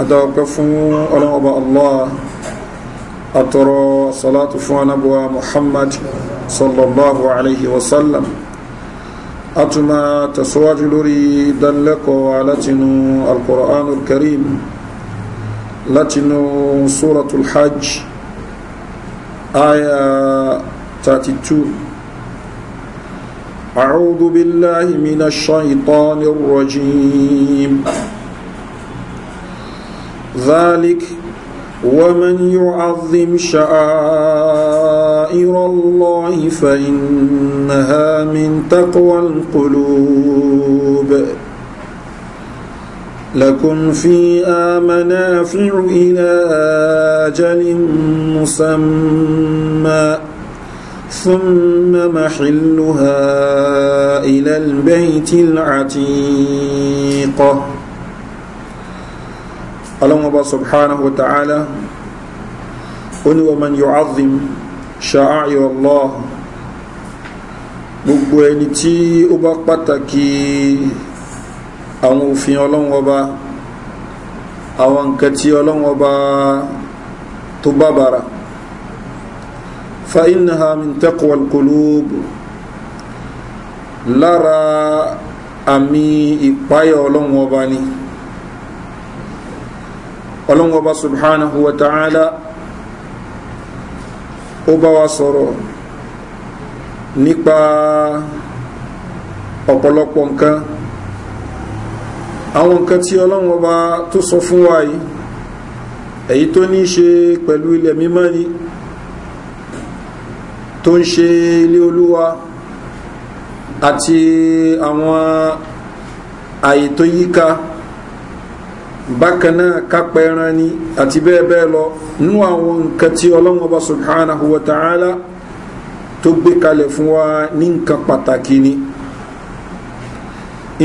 adáwọ̀pẹ́ fún ọlọ́ọ̀bá allah àtọrọ salatu fún anábọ̀wá muhammad sallallahu alayhi wa sallam a tún máa tẹ̀síwájú lórí dánlẹ́kọ̀ọ́ alátinú alkùránul karim látinú suratul hajj aya 32 أعوذ بالله من الشيطان الرجيم ذلك ومن يعظم شعائر الله فإنها من تقوى القلوب لكم فيها منافع إلى أجل مسمى ثم محلها إلى البيت العتيق ọlọ́mọba subhanahu wa ta'ala oníwọ̀mọ̀n yóò azim ṣa'áyọ̀ allah gbogbo ẹni tí ó bá pàtàkì àwọn òfin ọlọ́mọba àwọn nǹkan tí ọlọ́mọba tó bá bára fa innaha min taqwa lára àmì ìpáyà ọlọ́mọba ni. Lara, ọlọ́run ọba subhanahu wa ta'ala ó bá wa sọ̀rọ̀ nípa ọ̀pọ̀lọpọ̀ nǹkan àwọn nǹkan tí ọlọ́run ọba tó sọ fún wa yìí èyí tó ní ṣe pẹ̀lú ilẹ̀ mímọ́ ni tó ń ṣe ilé olúwa àti àwọn àyè tó yíká bákan náà kápẹ́ ẹran ni àti bẹ́ẹ̀ bẹ́ẹ̀ lọ nínú àwọn nǹkan tí ọlọ́run ọba subhanahu wa ta'ala tó gbé kalẹ̀ fún wa ní nǹkan pàtàkì ni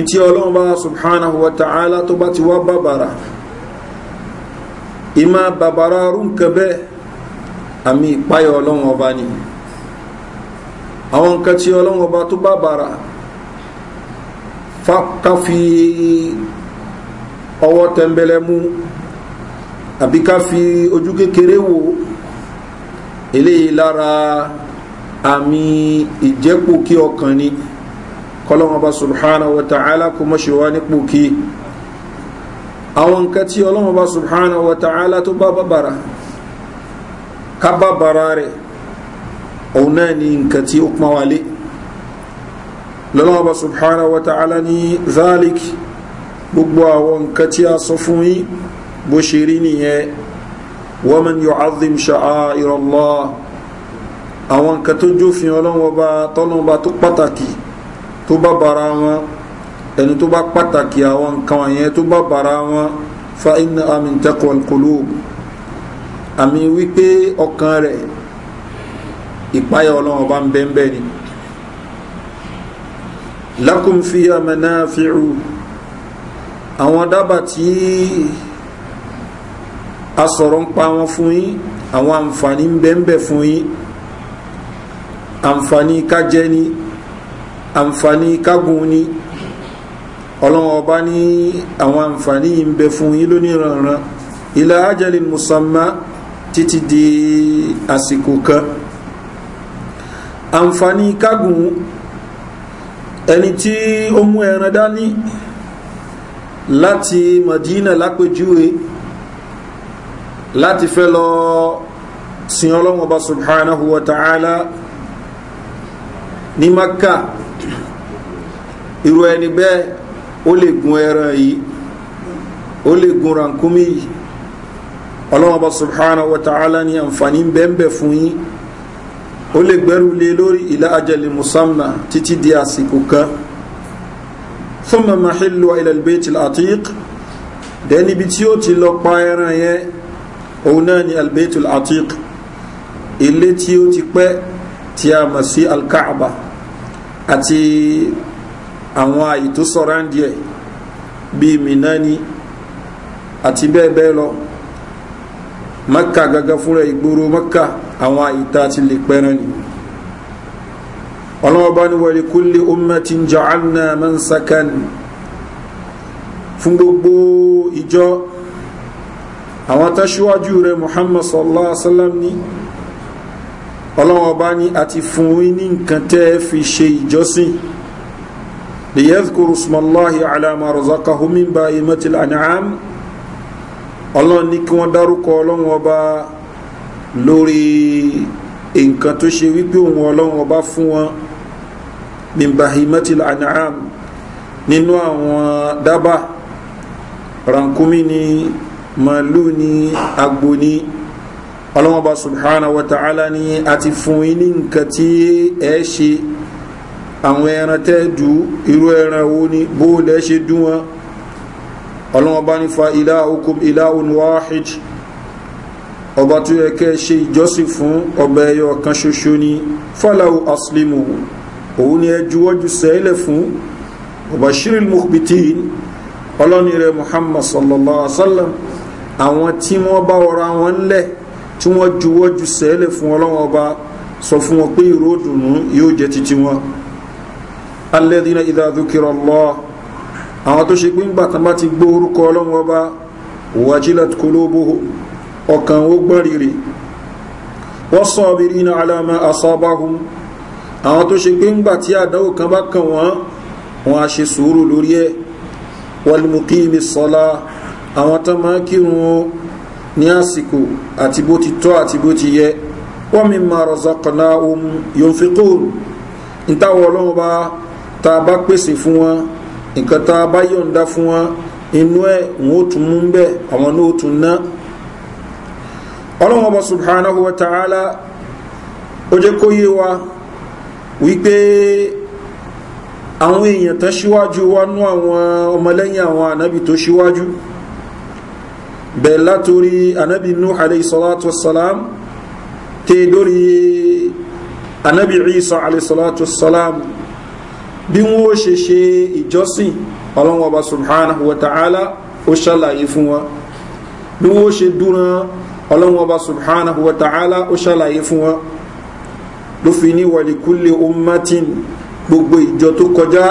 ntí ọlọ́run ọba subhanahu wa ta'ala tó bá ti wá bàbàrà ìmá bàbàrà rúnkẹ́ bẹ́ẹ̀ àmì ìpáyọ̀ ọlọ́run ọba ni àwọn nǹkan tí ọlọ́run ọba tó bàbàrà ká fi ọwọ́ tẹ́ńbẹ́lẹ́ mú àbí ká fi ojú kékeré wò eléyìí lára àmì ìjẹ́pò kí ọkàn ni kọ́lọ́wọ́n bá subhanahu wa ta'ala kò mọ̀ṣẹ̀ wá nípò kí àwọn nǹkan tí ọlọ́wọ́n bá subhanahu wa ta'ala tó bá bàbàrà ká bàbàrà rẹ̀ òun náà ni nǹkan tí ó pọ́n wálé lọ́wọ́n bá subhanahu wa ta'ala ní zálíkì gbogbo àwọn nǹkan tí a sọ fún yí bó ṣe rí nìyẹn wọ́n mọ̀ ní ọ̀hádìm ṣàá ìrọ̀lọ́ àwọn nǹkan tó jófin ọlọ́wọ́ba tọ́lọ́wọ́ba tó pàtàkì tó bá bara wọn ẹni tó bá pàtàkì àwọn nǹkan yẹn tó bá bara wọn fa iná àmì tẹ́kọ̀ọ́ kòló àmì wípé ọkàn rẹ̀ ìpáyà ọlọ́wọ́ba ń bẹ́ẹ̀ bẹ́ẹ̀ ni lakum fiya àwọn dábàá tí a sọ̀rọ̀ ń pa wọn fún yín àwọn àǹfààní ń bẹ ń bẹ fún yín àǹfààní kájẹ ni àǹfààní kágun ni ọlọ́wọ́n ọba ní àwọn àǹfààní yìí ń bẹ fún yín lóníranran ila ajalin musamma títí di àsìkò kan àǹfààní kágun ẹni tí ó mú ẹran dání láti madina lápẹjúwe láti fẹ́ lọ sin ọlọ́wọ́n bá subhanahu wa ta'ala ní maka irú ẹni bẹ́ẹ̀ ó lè gun ẹran yìí ó lè gun rankumi yìí ọlọ́wọ́n bá subhanahu wa ta'ala ní àǹfààní bẹ́ẹ̀ fún yín ó lè gbẹ́rù lé lórí ilá ajẹ́lẹ̀ musamman títí di àsìkò kan fún mọ̀mọ̀ hìlú ilẹ̀lbẹ̀ ti àtík dẹni bí tí ó ti lọ pa ẹran yẹn òun náà ni albaitul àtík ilé tí ó ti pẹ́ tí a mọ̀ sí alkaaba àti àwọn àyè tó sọ̀rọ̀ díẹ̀ bíi minani àti bẹ́ẹ̀ bẹ́ẹ̀ lọ maka gaga fúnra ìgboro maka àwọn àyè tá a ti lè pẹ́ran nìyí ọlọ́wọ́ bá ní wali kulli ummatin ja'alna mansakan fún gbogbo ìjọ àwọn tẹ́ṣíwájú rẹ̀ muhammad sallallahu alaihi wasallam ní ọlọ́wọ́ bá ní àti fún yín ní nǹkan tẹ́ fi ṣe ìjọsìn liyadhkuru smallahi ala ma razaqahum min bahimatil an'am ọlọ́run ní kí wọ́n dárúkọ ọlọ́run ọba lórí nǹkan tó ṣe wípé òun ọlọ́run ọba fún wọn min bahimatil an'am nínú àwọn dábà rankumi ni màálù ni agbo ni ọlọ́mọba subhanahu wa ta'ala ni a ti fún yín ní nǹkan tí ẹ ṣe àwọn ẹran tẹ́ dù irú ẹran wo ni bó lẹ́ ṣe dún wọn ọlọ́mọba ní fa ilahukum ilahun wahid ọba tó yẹ kẹ́ ṣe ìjọsìn fún ọba ẹyọ kan ṣoṣo ni falahu aslimu òun ni ẹ juwọ́jú sẹ́lẹ̀ fún ọba shiril mukhbitin ọlọ́ni rẹ̀ muhammad sallallahu alaihi wasallam àwọn tí wọ́n bá ọ̀rọ̀ àwọn ńlẹ̀ tí wọ́n juwọ́jú sẹ́lẹ̀ fún ọlọ́wọ́n ọba sọ fún wọn pé ìró dùnú yóò jẹ́ titi wọn alladhina idha dhukira Allah àwọn tó ṣe pé ń bá ti gbó orúkọ ọlọ́wọ́n ọba wajilat qulubuhum ọkàn ó gbọ́n rírì wasabirina ala ma asabahum àwọn tó ṣe pé ńgbà tí àdánwò kan bá kàn wọ́n wọ́n á ṣe sùúrù lórí ẹ̀ wọlùmùkíìmì sọ́lá àwọn tó máa kírun o ní àsìkò àti bó ti tọ́ àti bó ti yẹ wọ́n mi máa rọ̀zọ́ kọ̀nà ohun yóò fi kóòrù ìtawọ̀ ọlọ́run bá ta bá pèsè fún wọn nǹkan ta bá yọ̀ǹda fún wọn inú ẹ̀ wọ́n ó tún mú bẹ́ẹ̀ àwọn náà ó tún ná ọlọ́run ọba subhanahu wa ta'ala ó jẹ́ kó yé wa wípé àwọn èèyàn tó ṣíwájú wánú àwọn ọmọlẹ́yìn àwọn ànábì tó ṣíwájú bẹ̀ẹ̀ látorí ànábì nú aleyhisalatu wasalam tẹ́ lórí ànábì isa aleyhisalatu wasalam bí wọ́n ṣe ṣe ìjọsìn ọlọ́wọ́ bá subhanahu wa ta'ala ó ṣàlàyé fún wa ló fi ní wàlíkúlé ummatin gbogbo ìjọ tó kọjá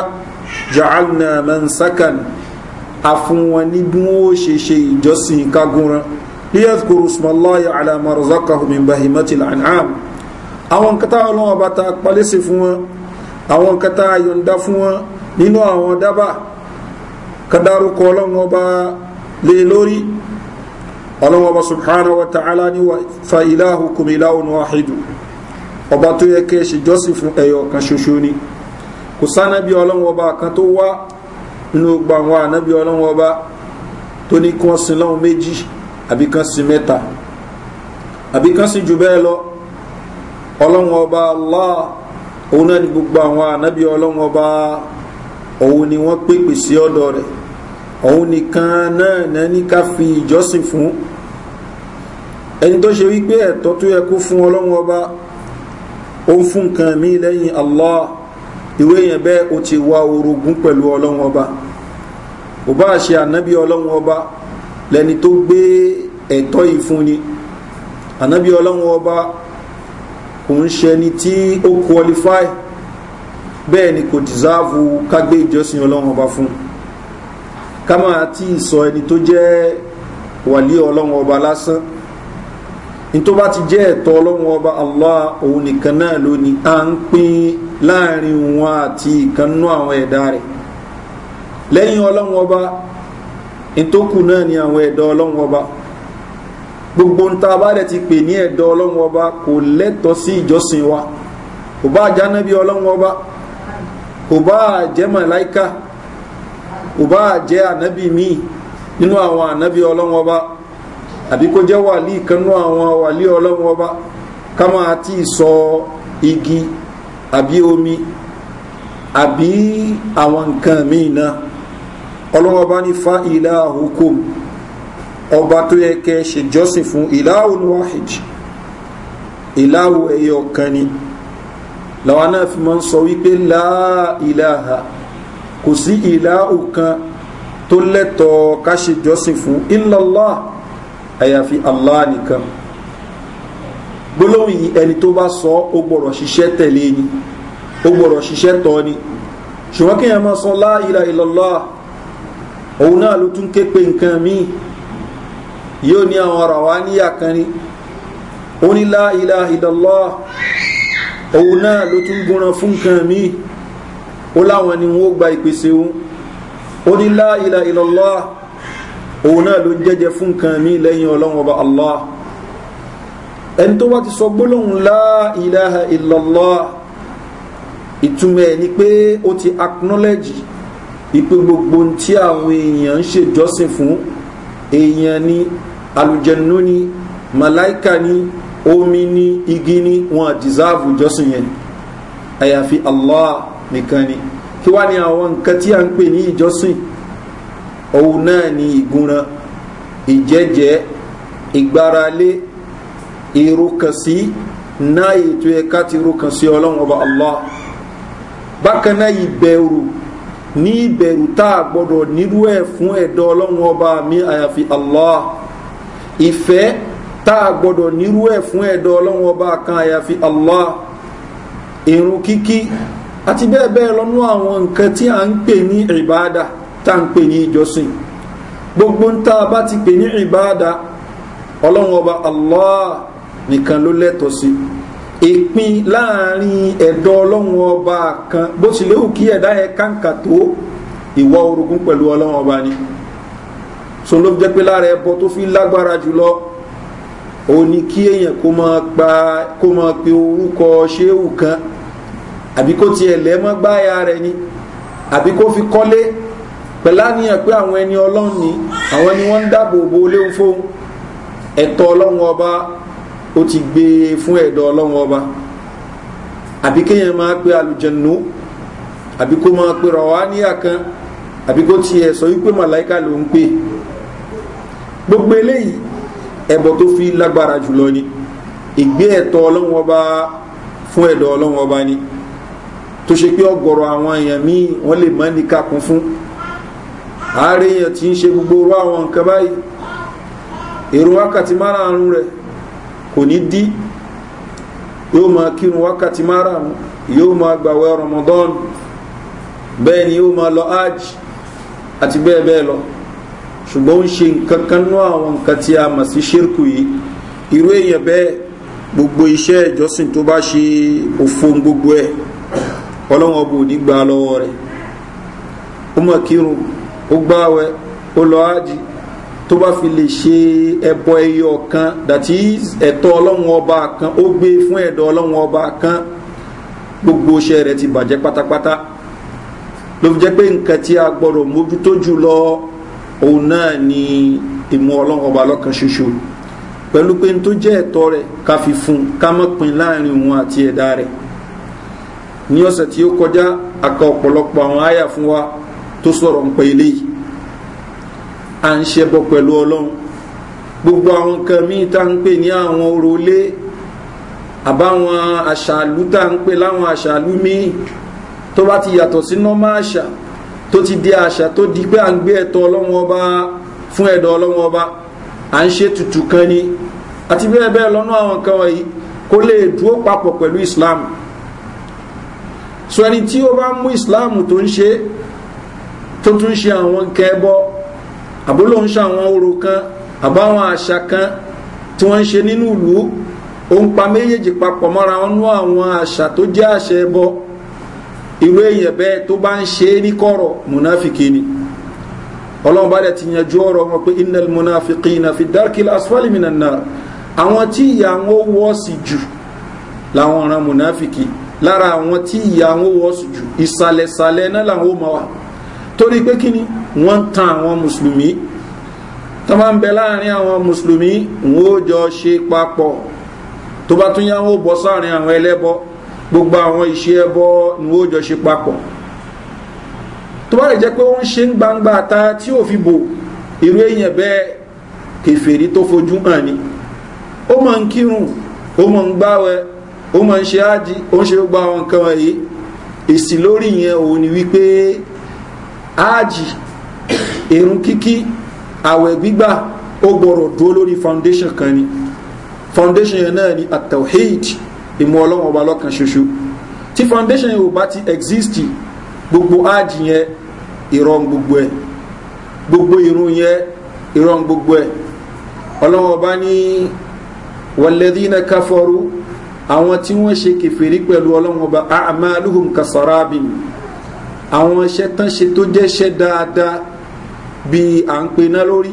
ja'alna mansakan àfún wọn ní bí wọn ó ṣe ṣe ìjọsìn kagunran liyadhkuru smallahi ala ma razaqahum min bahimatil an'am àwọn kata ọlọ́wọ́ bá ta palẹ́sẹ̀ fún wọn àwọn kata yọ̀ǹda fún wọn nínú àwọn dábà kadarukọ ọlọ́wọ́ bá lè lórí ọlọ́wọ́ bá subhanahu wa ta'ala ni wa fa ilahukum ilahun wahidu ọba tó yẹ kí fún ẹyọ kan ṣoṣo ni kò sánábí ọlọ́run ọba kan tó wá nínú gbogbo àwọn ọlọ́run ọba tó ní kí wọ́n sin méjì àbí kan sin mẹ́ta àbí jù bẹ́ẹ̀ lọ ọlọ́run ọba allah òun náà ọba òun ni wọ́n pèpè sí ọ̀dọ̀ rẹ̀ òun nìkan náà ká fi ìjọsìn fún ẹni tó fún ọlọ́run ọba ó ń fún nǹkan mí lẹ́yìn allah ìwé yẹn bẹ́ẹ̀ ó ti wá orogún pẹ̀lú ọlọ́run ọba ò bá ṣe ànábì ọlọ́run ọba lẹni tó gbé ẹ̀tọ́ yìí fún ni ànábì ọlọ́run ọba kò ń ṣẹni tí ó qualify bẹ́ẹ̀ ni kò dìsáàvù kágbé ìjọsìn ọlọ́run ọba fún ká máa tí sọ ẹni tó jẹ́ wàlí ọlọ́run ọba lásán tó bá ti jẹ́ ẹ̀tọ́ ọlọ́run ọba allah òun nìkan náà ló ní à ń pín láàrin wọn àti ìkànnú àwọn ẹ̀dá rẹ̀ lẹ́yìn ọlọ́run ọba ìtókù náà ni àwọn ẹ̀dọ́ ọlọ́run ọba gbogbo ń ta bá rẹ̀ ti pè ní ẹ̀dọ́ ọlọ́run ọba kò lẹ́tọ̀ọ́ sí ìjọsìn wa kò bá jánábí ọlọ́run ọba kò bá jẹ́ màláìka kò bá jẹ́ ànábì míì nínú àwọn ànábì ọlọ́run ọba àbí kó jẹ́ wàlí ìkanú àwọn wàlí ọlọ́run ọba ká máa tí ì sọ igi àbí omi àbí àwọn nǹkan míì náà ọlọ́run ọba ní fa ilá hukum ọba tó yẹ kẹ́ ṣe jọ́sìn fún ìláhù wahid ìláhù ẹyọ kan ni làwọn náà fi máa ń sọ wípé láà ìláhà kò sí ìláhù kan tó lẹ́tọ̀ọ́ ká ṣe jọ́sìn fún ìlàláà àyàfi allah nìkan gbólóhùn yìí ẹni tó bá sọ ó gbọ́dọ̀ ṣiṣẹ́ tẹ̀lé ni ó gbọ́dọ̀ ṣiṣẹ́ tọ́ ni ṣùgbọ́n kí èèyàn máa sọ láìla ìlọ́lá òun náà ló tún ké pe nǹkan míì yóò ní àwọn ara wa níyà kan ni ó ní láìla ìlọ́lá òun náà ló tún gúnran fún nǹkan míì ó láwọn ni wọ́n gba ìpèsè òun ó ní láìla ìlọ́lá òun náà ló ń jẹ́jẹ́ fún nǹkan mi lẹ́yìn ọlọ́run ọba allah ẹni tó wá ti sọ gbólóhùn láìláha ìlọ́lá ìtumọ̀ ẹ̀ ni pé ó ti acknowledge ìpè gbogbo tí àwọn èèyàn ń ṣèjọ́sìn fún èèyàn ni alùjẹ̀nú ni màláìka ni omi ni igi ni wọn dìsáàfù jọ́sìn yẹn àyàfi allah nìkan ni kí wá ní àwọn nǹkan tí a ń pè ní ìjọ́sìn òun náà ni ìgúnran ìjẹ́jẹ́ ìgbáralé na náà ètò ẹ̀ka ti rókànsí ọlọ́run ọba allah bákan ìbẹ̀rù ní ìbẹ̀rù tá nírú ẹ̀ fún ẹ̀dọ́ ọlọ́run ọba mi àyàfi allah ìfẹ́ tá a nírú ẹ̀ fún ẹ̀dọ́ ọlọ́run ọba kan àyàfi allah kíkí àti bẹ́ẹ̀ bẹ́ẹ̀ lọ́nú àwọn nǹkan tí a ń pè ní ìbáadà tá ń pè ní ìjọsìn gbogbo ń tá a bá ti pè ní ìbáadà ọlọ́run ọba allah nìkan ló lẹ́tọ̀ọ́ sí ìpín láàrin ẹ̀dọ́ ọlọ́run ọba kan bó ti léwu kí ẹ̀dá yẹn kàǹkà tó ìwọ orogún pẹ̀lú ọlọ́run ọba ni so ló jẹ́ pé lára ẹbọ tó fi lágbára jùlọ ó ní kí èèyàn kó máa pa kó máa pe orúkọ ṣéwù kan àbí kó tiẹ̀ lẹ́mọ́ gbáya rẹ̀ ni àbí kó fi kọ́lé pẹ̀lá ni ẹ̀ pé àwọn ẹni ọlọ́run ni àwọn ni wọ́n ń dáàbò bo léwu fóun ẹ̀tọ́ ọlọ́run ọba ó ti gbé e fún ẹ̀dọ́ ọlọ́run ọba àbí kéèyàn máa pe alùjẹ̀nù àbí kó máa pe rọ̀wá níyà kan àbí kó tiẹ̀ sọ wípé màláìka ló ń pè gbogbo eléyìí ẹ̀bọ̀ tó fi lágbára jùlọ ni ìgbé ẹ̀tọ́ ọlọ́run ọba fún ẹ̀dọ́ ọlọ́run ọba ni tó ṣe pé ọgọ̀rọ̀ àwọn èèyàn míì wọ́n lè mọ́ ní kakùn fún ààrẹ èèyàn ti ń ṣe gbogbo orú àwọn nǹkan báyìí èrò wákàtí márààrún rẹ̀ kò ní dí yóò máa kírun wákàtí márààrún yóò máa gbàwẹ̀ ramadan bẹ́ẹ̀ ni yóò máa lọ hajj àti bẹ́ẹ̀ bẹ́ẹ̀ lọ ṣùgbọ́n ó ń ṣe nǹkan kan nú àwọn nǹkan tí a mọ̀ sí ṣírkù yìí irú èèyàn bẹ́ẹ̀ gbogbo iṣẹ́ ìjọsìn tó bá ṣe òfo gbogbo ẹ̀ ọlọ́wọ́n bò ní gbà lọ́wọ́ rẹ̀ ó mọ̀ kírun ó gbáwẹ̀ ó lọ ájì tó bá fi lè ṣe ẹbọ ẹyọ kan that is ẹ̀tọ́ ọlọ́run ọba kan ó gbé fún ẹ̀dọ̀ ọlọ́run ọba kan gbogbo iṣẹ́ rẹ̀ ti bàjẹ́ pátápátá ló fi jẹ́ pé nǹkan tí a gbọ́dọ̀ mójútó jù lọ òun náà ni ìmú ọlọ́run ọba lọ́kan ṣoṣo pẹ̀lú pé n tó jẹ́ ẹ̀tọ́ rẹ̀ ká fi fún un ká mọ̀ pin láàrin òun àti ẹ̀dá rẹ̀ ní ọ̀sẹ̀ tí ó kọjá a ọ̀pọ̀lọpọ̀ àwọn àyà fún wa tó sọ̀rọ̀ ń pẹ́ eléyìí à ń ṣẹbọ pẹ̀lú ọlọ́run gbogbo àwọn nǹkan míì tá ń pè ní àwọn orólé àbáwọn àṣàlú tá ń pè láwọn àṣàlú míì tó bá ti yàtọ̀ sí nọ́mà àṣà tó ti di àṣà tó di pé à ń gbé ẹ̀tọ́ ọlọ́run ọba fún ẹ̀dọ̀ ọlọ́run ọba à ń ṣe tutù kan ni àti bẹ́ẹ̀ bẹ́ẹ̀ lọ́nà àwọn nǹkan wọ̀nyí kó lè dúró papọ̀ pẹ̀lú islam so ẹni tí ó bá mú islam tó ń ṣe é tó tún ṣe àwọn nǹkan ẹbọ àbúlò ń ṣe àwọn orò kan àbáwọn àṣà kan tí wọ́n ń ṣe nínú ìlú ó ń pa méjèèjì papọ̀ mọ́ra wọn nú àwọn àṣà tó jẹ́ àṣà ẹbọ irú èèyàn bẹ́ẹ̀ tó bá ń ṣe é ní kọ̀rọ̀ mùnáfìkì ni ọlọ́run bá dẹ̀ ti yanjú ọ̀rọ̀ wọn pé innal munafiqina fi darkil asfali minan nar àwọn tí ìyà wọn wọ́ sí jù làwọn ọ̀ràn mùnáfìkì lára àwọn tí ìyà wọn wọ́ sí jù ìsàlẹ̀sàlẹ̀ náà làwọn ó máa wà torí pé kí ni wọ́n tan àwọn mùsùlùmí tó bá ń bẹ láàrin àwọn mùsùlùmí wọ́n ó jọ ṣe papọ̀ tó bá tún yá wọ́n ó bọ́ sáàrin àwọn ẹlẹ́bọ gbogbo àwọn ìṣe ẹbọ ni wọ́n ó jọ ṣe papọ̀ tó bá lè jẹ́ pé ó ṣe ń gbangba ta tí ò fi bò irú èèyàn bẹ́ẹ̀ kèfèrí tó fojú hàn ni ó máa ń kírun ó máa ń gbáwẹ̀ ó máa ń ṣe áàdì ó ń ṣe gbogbo àwọn nǹkan wọ̀nyí èsì lórí yẹn òun ni wípé áàjì èrún kíkí àwẹ̀ gbígbà ó gbọ́rọ̀ dúó lórí foundation kan ni foundation yẹn náà ni atawhid ìmú ọlọ́wọ́n ọba lọ́kan ṣoṣo tí foundation yẹn ò bá ti exist gbogbo áàjì yẹn ìrọ̀n gbogbo ẹ̀ gbogbo ìrún yẹn ìrọ̀n gbogbo ẹ̀ ọlọ́wọ́n ọba ní wàlẹ́dínà káfọ́rú àwọn tí wọ́n ṣe kẹfẹ́rí pẹ̀lú ọlọ́wọ́n ọba àmàlùhùn kasarabin àwọn iṣẹ́ tán ṣe tó jẹ́ iṣẹ́ dáadáa bíi à ń pe iná lórí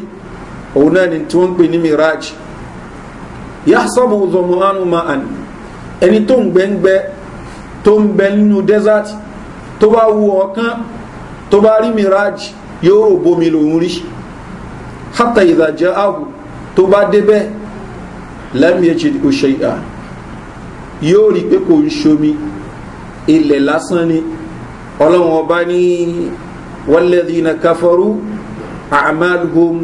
òun náà ni tí wọ́n ń pè ní mirage yahsabu dhuma'anu ma'an ẹni tó ń gbẹ́ngbẹ́ tó ń bẹ nínú desert tó bá wu ọ̀kan tó bá rí mirage yóò rò bomi lòun rí hatta idha ja'ahu tó bá débẹ̀ lam yajidu shay'an yóò rí pé kò ń ṣomi ilẹ̀ lásán ni ọlọ́wọ́n ọba ní wàlẹ́dìínà káfọ́rú àmàlùhùn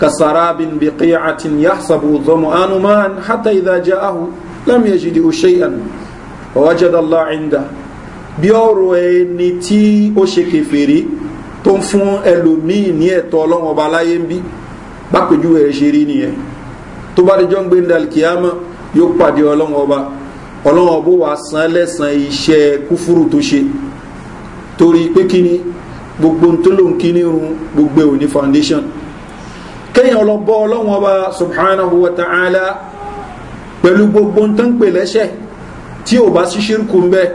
kasarábìn bìkíyàtìn yàtsàbù zọmọ anumán hátà ìdájá ahu lámì ẹ̀jìdì òṣèyàn ọwájádàlá ìndà bí ọ̀rọ̀ ẹni tí ó ṣe kẹfẹ́rẹ́ tó ń fún ẹlòmíì ní ẹ̀tọ́ ọlọ́wọ́n ọba láyé ń bí bákojú ẹ̀rẹ́ ṣe rí nìyẹn tó bá dẹjọ́ ń gbé ní yóò pàdé ọlọ́wọ́n ọba ọlọ́wọ́n ọba wà sán lẹ́sàn iṣẹ́ kúfúrú tó ṣe torí pé kí ni gbogbo tó ló ń kí ní irun gbogbo ẹ̀ foundation kéèyàn lọ bọ́ ọlọ́wọ́n ọba subhanahu wa ta'ala pẹ̀lú gbogbo tó ń pè lẹ́ṣẹ̀ tí ò bá sí ṣírkù ń bẹ́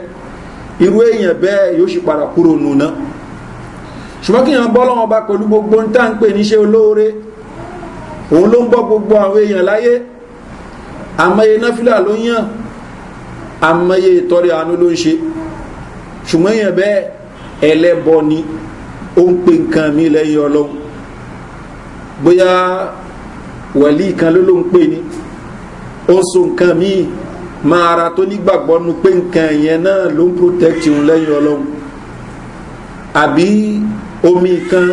irú èèyàn bẹ́ẹ̀ yóò sì padà kúrò nùnà ṣùgbọ́n kéèyàn bọ́ ọlọ́wọ́n ọba pẹ̀lú gbogbo tó ń pè níṣẹ́ olóore òun ló ń bọ́ gbogbo àwọn èèyàn láyé àmọye náfìlà ló yàn àmọye ìtọ́rẹ àánú ló ń ṣe ṣùgbọ́n èèyàn bẹ́ẹ̀ ẹlẹ́bọ ni ó ń pe nǹkan mi lẹ́yìn ọlọ́run bóyá wàlí kan ló ló ń pè ní ó ń so nǹkan mi máa ara tó nígbàgbọ́ nu pé nǹkan yẹn náà ló ń protect òun lẹ́yìn ọlọ́run àbí omi kan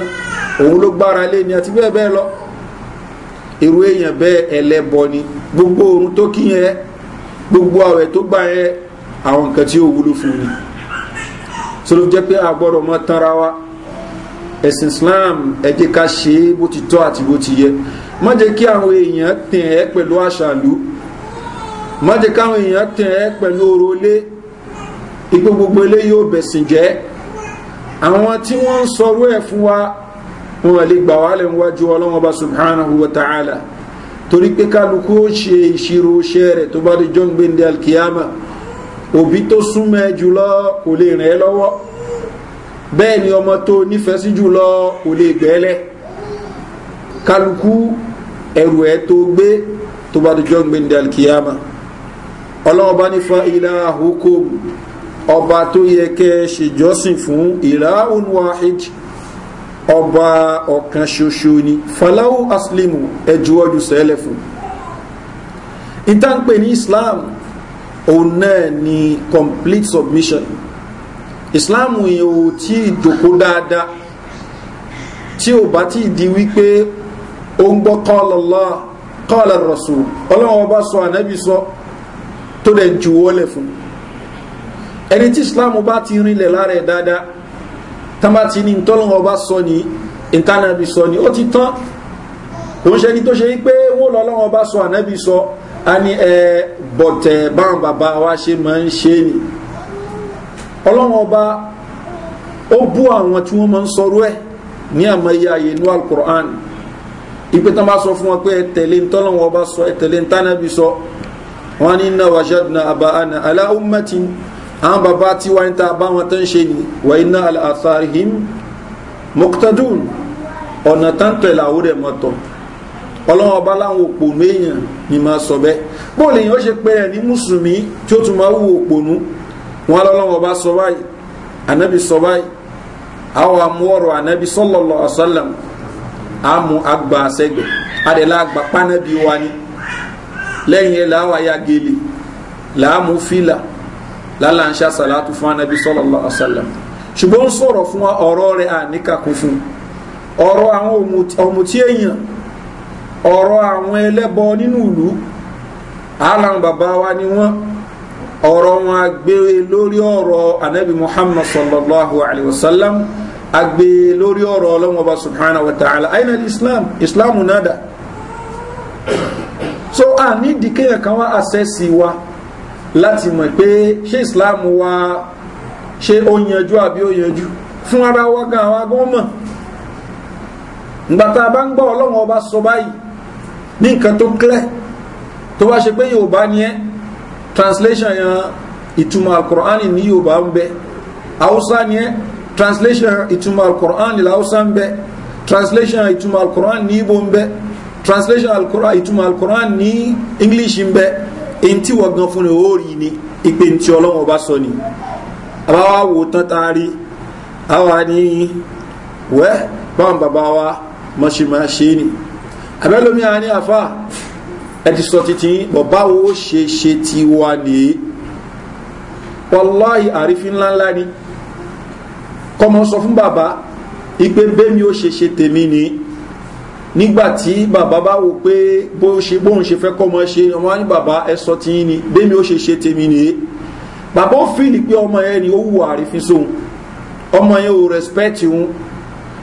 òun ló gbára lé ni àti bẹ́ẹ̀ bẹ́ẹ̀ lọ irú èèyàn bẹ́ẹ̀ ẹlẹ́bọ ni gbogbo òun tó kí yẹn gbogbo àwẹ̀ tó gbà yẹn àwọn nǹkan tí ó wúlò fún ni sọlọ jẹ́ pé a gbọ́dọ̀ mọ wa ẹ̀sìn islam ẹ jẹ́ ká ṣe é bó ti tọ́ àti bó ti yẹ má jẹ́ kí àwọn èèyàn tẹ̀ ẹ́ pẹ̀lú àṣàlú má jẹ́ káwọn èèyàn tẹ̀ ẹ́ pẹ̀lú òrólé ipò gbogbo eléyìí ò bẹ̀sìn jẹ́ àwọn tí wọ́n ń sọ̀rọ̀ ẹ̀ fún wa wọn lè gbà wá lè wájú ọlọ́wọ́n bá subhanahu wa ta'ala torí pé kálukú ó ṣe ìṣirò iṣẹ́ rẹ̀ tó bá di jọ́ ń gbé òbí tó súnmọ́ ẹ jùlọ kò lè ràn ẹ́ lọ́wọ́ bẹ́ẹ̀ ni ọmọ tó nífẹ̀ẹ́ sí jùlọ kò lè gbẹ́lẹ̀ kálukú ẹrù ẹ tó gbé tó bá dojọ́ gbẹ̀ndẹ̀ alkiyama ọlọ́ọ̀bá ní fa ilá àhókò ọba tó yẹ kẹ́ ṣèjọ́sìn fún ìlà onwahid ọba ọ̀kan ṣoṣo ni faláwò aslimu ẹjọ́ ọdún sẹ́lẹ̀ fún ìtànpẹ̀ ní islam òun náà ni complete submission islam yìí ò tí ì jòkó dáadáa tí ò bá tí ì di wípé ó ń gbọ́ kọ́lọ́lọ́ kọ́lọ́ rọ̀sùn ọlọ́wọ́ bá sọ ànábì sọ tó dẹ̀ ju wọlé fún ẹni tí islam bá ti rinlẹ̀ lára ẹ̀ dáadáa tá bá ti ní ntọ́lọ́wọ́ bá sọ ní ìtànàbì sọ ní ó ti tán òun ṣe ni tó ṣe wípé wọ́n lọ́lọ́wọ́ bá sọ ànábì sọ a ní ẹ bọ̀tẹ̀ báwọn bàbá wa ṣe máa ń ṣe ni ọlọ́wọ́n ọba ó bú àwọn tí wọ́n máa ń sọrú ẹ̀ ní àmọ́yé ayé inú alukur'an ipe tán bá sọ fún wọn pé ẹ tẹ̀lé ń tọ́lọ́wọ́n ọba sọ ẹ tẹ̀lé ń tánàbí sọ wọn ní iná wàjádùnà àbá àná aláhùnmẹ́tì àwọn bàbá tí wọ́n ta bá wọn tán ṣe ni wà iná àlàáfàáhìm mọ́kútàdùn ọ̀nà tán tẹ̀lé àwòrẹ̀ mọ́tọ̀ ọlọ́wọ́ bá láwọn òpònú èèyàn ni ma sọ bẹ́ bó lè yàn ó ṣe pé ẹ̀ ní mùsùlùmí tí ó tún máa wù òpònú wọn lọ́wọ́ bá sọ báyìí ànábì sọ báyìí àwọn amúọ̀rọ̀ ànábì sọ́lọ́lọ́ àṣálàm àmú àgbà àṣẹgbẹ̀ adẹ̀lá àgbà pánábì wa ni lẹ́yìn ẹ̀ láwà ya gèlè làámú fìlà lálàǹṣà sàlátù fún ànábì sọ́lọ́lọ́ àṣálàm ṣùgbọ́n sọ̀rọ̀ fún ọ̀rọ̀ rẹ̀ àníkàkún fún ọ̀rọ̀ àwọn ọmọ tí èèyàn ọ̀rọ̀ àwọn ẹlẹ́bọ nínú ìlú aláwọn bàbá wa ni wọ́n ọ̀rọ̀ wọn agbèrè lórí ọ̀rọ̀ anabi muhammad sallallahu alayhi wa sallam agbèrè lórí ọ̀rọ̀ ọlọ́wọ́n ọba subhanahu wa ta'ala ayin al islam islam nada so a ní dìkẹ́yà kan wá àṣẹ́sì wa láti mọ̀ pé ṣé islam wa ṣe ó yanjú àbí ó yanjú fún ara wa gan àwọn agbọ́n mọ̀ ngbàtà bá ń gbọ́ ọlọ́wọ́n ọba sọ báyìí ní nǹkan tó clear tó bá ṣe pé yorùbá ni ẹ́ translation yan ìtumọ̀ alukur'an ní yorùbá ń bẹ haúsá ni ẹ́ translation ìtumọ̀ alukur'an ní ń bẹ translation ìtumọ̀ alukur'an ní ibo ń bẹ translation ìtumọ̀ alukur'an ní english ń bẹ èyí tí wọ́n gan fún ni ó rí ni ìpè tí ọlọ́run ọba sọ ni àbáwá wò tán tá a rí àwa ni wẹ́ báwọn bàbá wa mọ̀ṣẹ̀mọ̀ ni àbẹ́lómi à ní àfà ẹ ti sọ títí bọ̀ báwo ṣe ṣe ti wà ní wàláì àrífín ńláńlá ni kọmọ sọ fún bàbá ipe bẹ́mi ó ṣe ṣe tèmi ni nígbàtí bàbá bá wo pé bó ṣe bóun ṣe fẹ́ kọ́mọ ṣe ọmọ ní bàbá ẹsọ tí ń ni bẹ́mi ó ṣe ṣe tèmi nìyé bàbá ó fìlì pé ọmọ yẹn ni ó wù àrífín sóhun ọmọ yẹn ò rẹ̀spẹ́tì òun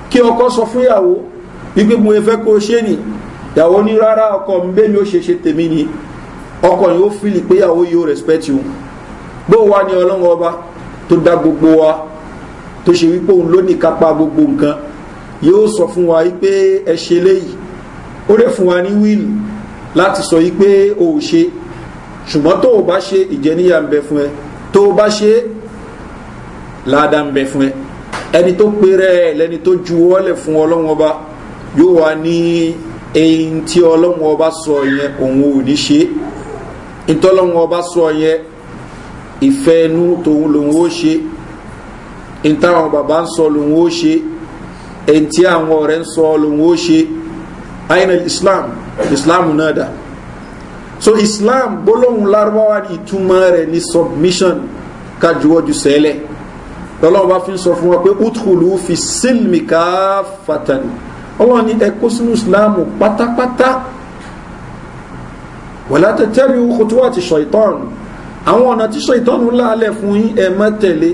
kí ọkọ sọ fún ìyàwó wípé mo fẹ́ kó ṣe ni? ìyàwó ní rárá ọkọ mi bẹ́ẹ̀ mi ó ṣe ṣe tèmi ni ọkọ yìí fìlì pé ìyàwó yìí respect you bó wà ní ọlọ́run ọba tó dá gbogbo wa tó ṣe wípé òun ló ní kápá gbogbo nǹkan yóò sọ fún wa wípé ẹ ṣe léyìí ó lè fún wa ní wíìlì láti sọ wípé o ò ṣe ṣùgbọ́n tó o bá ṣe ìjẹníyà ń bẹ fún ẹ tó o bá ṣe láàdá ń bẹ fún ẹ ẹni tó pèrè ẹ lẹni tó juwọ́lẹ̀ fún ọlọ́run ọba yóò wá ní èyí tí ọlọ́run ọba sọ yẹn òun ò ní ṣe ìtọ́lọ́run ọba sọ yẹn ìfẹ́ inú tòun lòun ó ṣe ìtàwọn bàbá ń sọ lòun ó ṣe èyí tí àwọn ọ̀rẹ́ ń sọ lòun ó ṣe àyìnà islam islam náà dà so islam gbólóhùn lárúbáwá ní ìtumọ̀ rẹ̀ ní submission kájúwọ́jú sẹ́lẹ̀ lọ́lọ́run bá fi ń sọ fún wa pé utkulu fi sílmì káfàtàn ọlọ́run ní ẹkó sínú islam pátápátá wọ̀lá tẹ́tẹ́rì kòtò àti ṣọ̀ìtọ́n àwọn ọ̀nà tí ṣọ̀ìtọ́n láàlẹ̀ fún yín ẹ mọ́ tẹ̀lé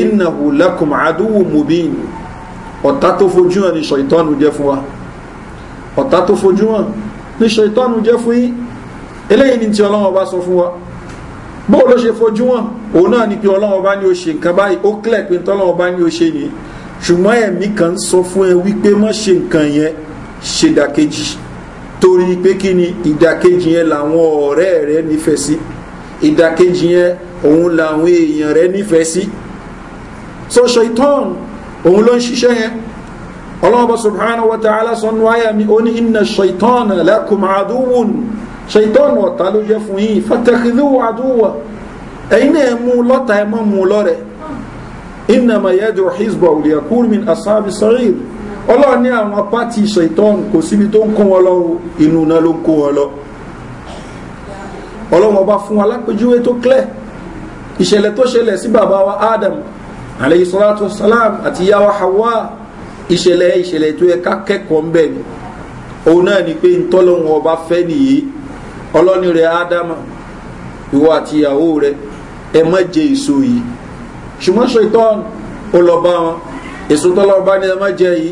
ìnáwó lẹ́kùn àdúwò mòbíìn ọ̀tá tó fojú hàn ní ṣọ̀ìtọ́n jẹ́ fún wa ọ̀tá tó fojú hàn ní ṣọ̀ìtọ́n jẹ́ fún yín eléyìí ni tí ọlọ́run bá sọ fún wa bóò ló ṣe fojú hàn òun náà ni pé ọlọ́run bá ní ó ṣe nǹkan báyìí ó kílẹ̀ pé tọ́lọ́run bá ní ó ṣe nìyí ṣùgbọ́n ẹ̀mí kan sọ fún ẹ wípé má ṣe nǹkan yẹn ṣe dàkejì torí pé kí ni ìdàkejì yẹn làwọn ọ̀rẹ́ rẹ nífẹ̀ẹ́ sí ìdàkejì yẹn òun làwọn èèyàn rẹ nífẹ̀ẹ́ sí so ṣaitan òun ló ń ṣiṣẹ́ yẹn ọlọ́ọ̀bọ̀ subhanahu wa ta'ala sọ nù àyà mi ó ní iná ṣaitan lakum àdúwùn ṣaitan ọ̀tá ló jẹ́ fún yín fàtàkìlú àdúwà ẹ̀yin náà mú lọ́ta ẹ̀ mọ́ mú lọ́rẹ̀ẹ́ innama yẹ́dùn hizbo olùyẹ̀kúrú min asábi sa'ir ọlọ́run ní àwọn pátì ṣètọ́n kò síbi tó ń kó wọn lọ inú náà ló ń kó wọn lọ ọlọ́run ọba fún wa lápẹjúwe tó clear ìṣẹ̀lẹ̀ tó ṣẹlẹ̀ sí bàbá wa adam alayhi salatu salam àti ìyá wa hawa ìṣẹ̀lẹ̀ ìṣẹ̀lẹ̀ tó yẹ ká kẹ́kọ̀ọ́ ń ni òun náà ni pé ntọ́lọ́run ọba fẹ́ nìyí ọlọ́ni rẹ̀ adam ìwọ àti ìyàwó rẹ̀ ẹ má jẹ èso yìí ṣùgbọ́n ṣetán ó lọ bá wọn èso tọ́lọ́ bá ní ẹ má jẹ yìí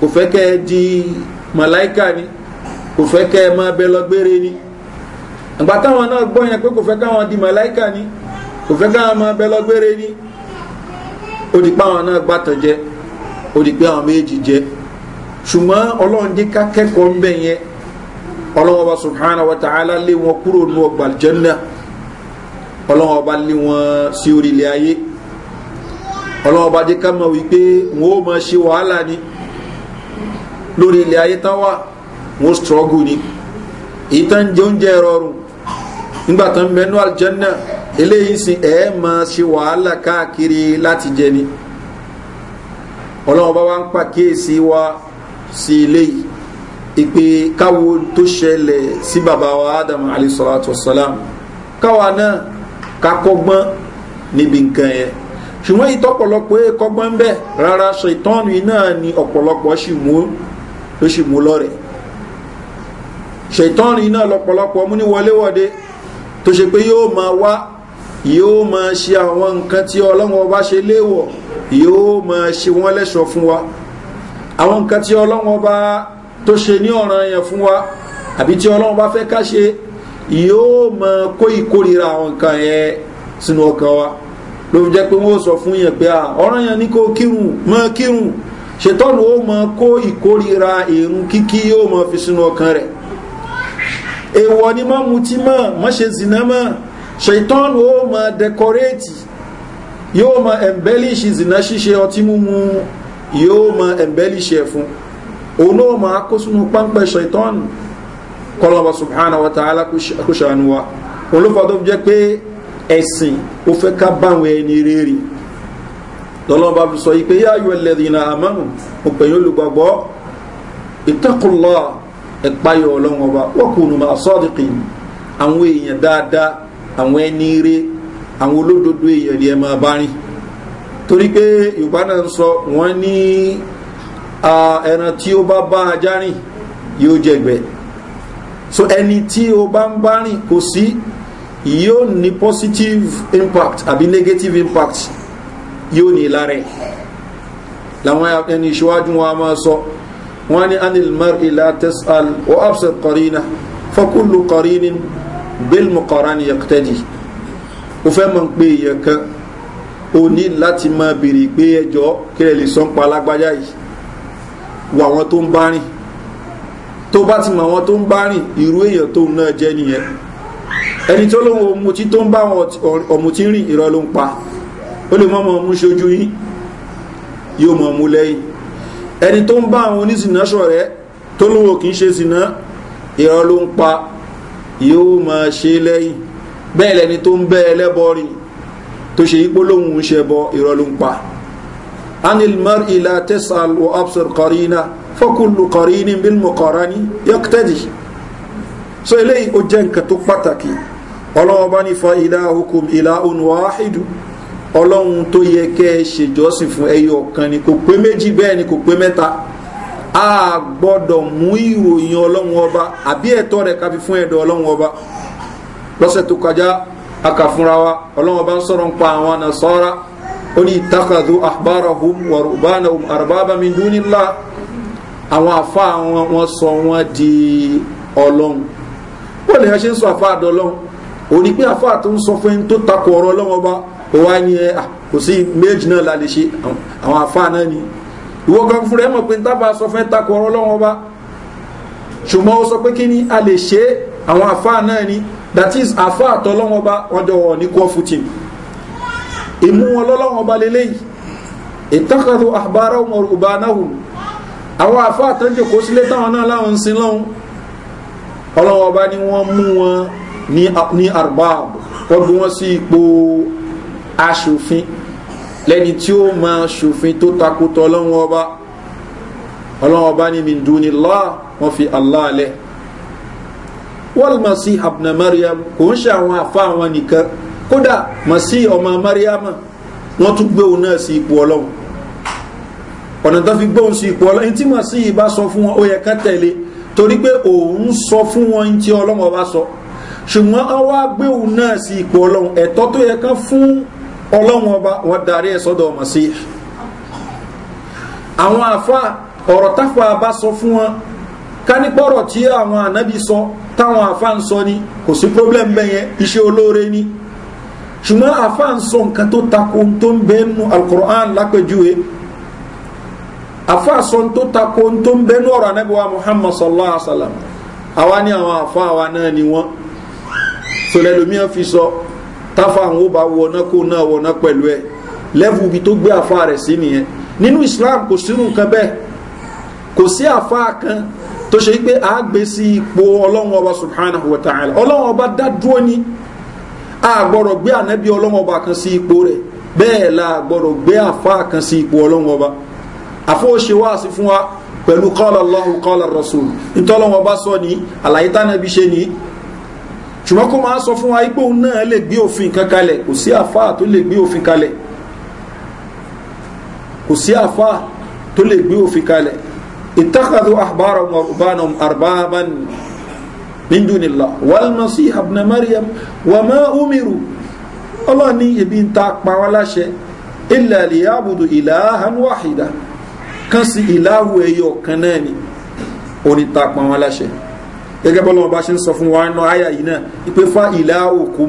kò fẹ́ kẹ́ ẹ di màláìkà ni kò fẹ́ kẹ́ ẹ máa bẹ lọ gbére ni àgbà táwọn náà gbọ́ yẹn pé kò fẹ́ káwọn di màláìkà ni kò fẹ́ káwọn máa bẹ lọ gbére ni ó di pé àwọn náà gbàtàn jẹ ó di pé àwọn méjì jẹ ṣùgbọ́n ọlọ́run dé ká kẹ́kọ̀ọ́ yẹn ọlọ́run ọba subhana wa ta'ala lé wọn kúrò nù ọgbà jẹ́nà ọlọ́run ọba lé wọn sí orílẹ̀ ayé ọlọ́wọ́ bá jẹ́ ká mọ̀ wípé wọ́n ó máa ṣe wàhálà ni lórí ilẹ̀ ayé tán wà wọ́n strọ́gù ni èyí tán jẹ oúnjẹ rọrùn nígbà tán mẹ́nu aljanna eléyìí sin ẹ̀ máa ṣe wàhálà káàkiri láti jẹ ni ọlọ́wọ́ bá wá ń pàkíyèsí wa sí eléyìí ìpè káwo tó ṣẹlẹ̀ sí bàbá wa adam alayhi salatu wa salam káwa náà kakọ́gbọ́n níbi nǹkan yẹn ṣùgbọ́n ìtọ́pọ̀lọpọ̀ kọgbọ́n bẹ́ rárá ṣètọ́nù iná ni ọ̀pọ̀lọpọ̀ sì mú ló sì mú lọ́rẹ̀ ṣètọ́nù iná lọ́pọ̀lọpọ̀ mú ní wọléwọ́de tó ṣe pé yóò máa wá yóò máa ṣe àwọn nǹkan tí ọlọ́run ọba ṣe léèwọ̀ yóò máa ṣe wọ́n lẹ́ṣọ̀ fún wa àwọn nǹkan tí ọlọ́run ọba tó ṣe ní ọ̀ràn yẹn fún wa àbí tí ọlọ́run bá fẹ́ ká ṣe yóò máa kó ìkórira àwọn nǹkan yẹn sínú ọkàn wa ló fi jẹ́ pé wọ́n sọ fún yẹn pé ọ̀rọ̀ yẹn ní kó kírun mọ́ kírun ṣètọ́nù ó mọ kó ìkórira èrún kíkí yóò mọ fi sínú ọkàn rẹ̀ èèwọ̀ ni mọ́ mutí mọ́ mọ́ ṣe zìnà mọ́ ṣètọ́nù ó mọ dẹkọrétì yóò mọ ẹ̀mbẹ́líṣì zìnà ṣíṣe ọtí mímu yóò mọ ẹ̀mbẹ́líṣì ẹ̀fún òun náà mọ akó sínú ṣètọ́nù kọlọ́mọ subhanahu wa ta'ala kúṣàánú wa òun ló tó jẹ́ pé ẹ̀sìn ó fẹ́ ká báwọn ẹni rere lọ́lọ́ba fi sọ yìí pé yá ẹlẹ́dìnnà àmọ́nù mo pè yín olùgbàgbọ́ ìtẹ́kùnlá ẹ̀páyọ̀ ọlọ́run ọba wọ́kùnù máa sọ́ọ̀dìkì àwọn èèyàn dáadáa àwọn ẹni rere àwọn olódodo èèyàn ni ẹ máa bá rìn torí pé yorùbá náà ń sọ wọ́n ní ẹran tí ó bá bá ajá rìn yóò jẹgbẹ́ so ẹni tí ó bá ń yóò ní positive impact àbí negative impact yóò ní lára ẹ̀ ẹni ìṣíwájú wọn a máa sọ wọn ni anil mar ila tesal wa absal qarina fakulu qarinin bil muqarani yaqtadi o fẹ́ mọ̀ pé èèyàn kan o ní láti máa bèrè pé ẹjọ́ kí lè lè sọ́n pa alágbájá yìí wà wọn tó ń bá rìn tó bá ti mọ̀ wọn tó ń bá rìn irú èèyàn tóun náà jẹ́ nìyẹn ẹni tó lóun ọmọtí tó ń bá ọmọtí rìn ìrọ ló ń pa ó lè mọ́ ọmọ mú ṣojú yín yóò mọ̀ mú lẹ́yìn ẹni tó ń bá àwọn onísìnà ṣọ̀rẹ́ tó lówó kìí ṣe sìnà ìrọ̀ ló ń pa yóò mọ̀ ṣe lẹ́yìn bẹ́ẹ̀ lẹni tó ń bẹ́ ẹlẹ́bọ rìn tó ṣe yípo lóhun ń ṣe bọ ìrọ̀ ló ń pa anil mar ila tesal wa absor karina fọkùlù karina bílmù karani so eléyìí ó jẹ́ nǹkan tó pàtàkì ọlọ́run bá ní fa ilá hukum ilá ònù wáhídù ọlọ́run tó yẹ kẹ́ ẹ ṣèjọ́sìn fún ẹyọ ọ̀kan ni kò pé méjì bẹ́ẹ̀ ni kò pé mẹ́ta a gbọ́dọ̀ mú ìròyìn ọlọ́run ọba àbí ẹ̀tọ́ rẹ̀ kábi fún ẹ̀dọ̀ ọlọ́run ọba lọ́sẹ̀ tó kọjá aka wa ọlọ́run ọba ń sọ̀rọ̀ ń pa àwọn nasọ́ra ó ní ìtàkàdù àbárahùn wàrúbánahùn àrùbábàmí dúnilá àwọn àfa wọn sọ wọn di ọlọ́run ó lè ṣe ń sọ àfa àdọ́lọ́run òní pé àfáà tó ń sọ fún ẹni tó takò ọ̀rọ̀ ọlọ́wọ́ bá ó wá ní ẹ kò sí méjì náà la lè ṣe àwọn àfáà náà ni ìwọ gan fúnra ẹ mọ̀ pé tábà sọ fún ẹ takò ọ̀rọ̀ ọlọ́wọ́ bá ṣùgbọ́n ó sọ pé kí ni a lè ṣe àwọn àfáà náà ni that is àfáà tó ọlọ́wọ́ bá ọjọ́ wọ̀ ní kọ́ fútin ìmú wọn lọ́lọ́wọ́ bá lélẹ́yìí ìtàkàtò àbára ọmọ ọba náà àwọn àfáà tó ń ní arbab wọ́n bí wọ́n sí ipò aṣòfin lẹ́ni tí ó ma ṣòfin tó takótọ́ ọlọ́run ọba ọlọ́run ọba ní min duni Allah wọ́n fi Allah lẹ̀ wal masih abna maryam kò ń ṣe àwọn àfa àwọn nìkan kódà masih ọmọ maryam wọ́n tún gbé òun náà sí ipò ọlọ́run ọ̀nà tó fi gbóhùn sí ipò ọlọ́run tí masih bá sọ fún wọn ó yẹ ká tẹ̀lé torí pé òun sọ fún wọn tí ọlọ́run ọba sọ. So ṣùgbọ́n a wá gbé òun náà sí ipò ọlọ́run ẹ̀tọ́ tó yẹ kán fún ọlọ́run ọba wọn darí ẹ̀ sọ́dọ̀ ọmọ sí àwọn àfa ọ̀rọ̀ táfà bá sọ fún wọn ká nípa ọ̀rọ̀ tí àwọn ànábì sọ táwọn àfa ń sọ ni kò sí problem bẹ́yẹn iṣẹ́ olóore ni ṣùgbọ́n àfa ń sọ nǹkan tó tako tó ń bẹ́ẹ̀ nu alukur'an lápẹjúwe afa sɔn tó ta tó n bɛ n'ɔrɔ anabi wa muhammad sallallahu alaihi wa sallam awa ni àwọn afa wa náà ni wọn sọlẹ lomi fi sọ táfà àwọn ó bá wọná kó náà wọná pẹ̀lú ẹ lẹ́fù ibi tó gbé àfa rẹ̀ sí nìyẹn nínú islam kò sírù nǹkan bẹ́ẹ̀ kò sí àfa kan tó ṣe pé a gbé sí ipò ọlọ́run ọba subhanahu wa ta'ala ọlọ́run ọba dá dúró ní a gbọ́dọ̀ gbé ànábì ọlọ́run ọba kan sí ipò rẹ̀ bẹ́ẹ̀ la gbọ́dọ̀ gbé àfa kan sí ipò ọlọ́run ọba àfọwọ́ṣe wá sí fún wa pẹ̀lú qala Allahu qala rasul ntọ́lọ́run ọba sọ ní àlàyé tánàbí ṣe ní ṣùgbọ́n kó máa sọ fún wa ipò náà lè gbé òfin kan kalẹ̀ kò sí àfáà tó lè gbé òfin kalẹ̀ kò sí àfáà tó lè gbé òfin kalẹ̀ ìtàkàdù àbára ọmọbáná àrbában min dunillah ní kan sí ìlàhù ẹyọ kan náà ni ó ní ta gẹ́gẹ́ bọ́lá wọn bá ṣe ń sọ fún wa nínú àyà yìí náà ipe fa ìlà òkú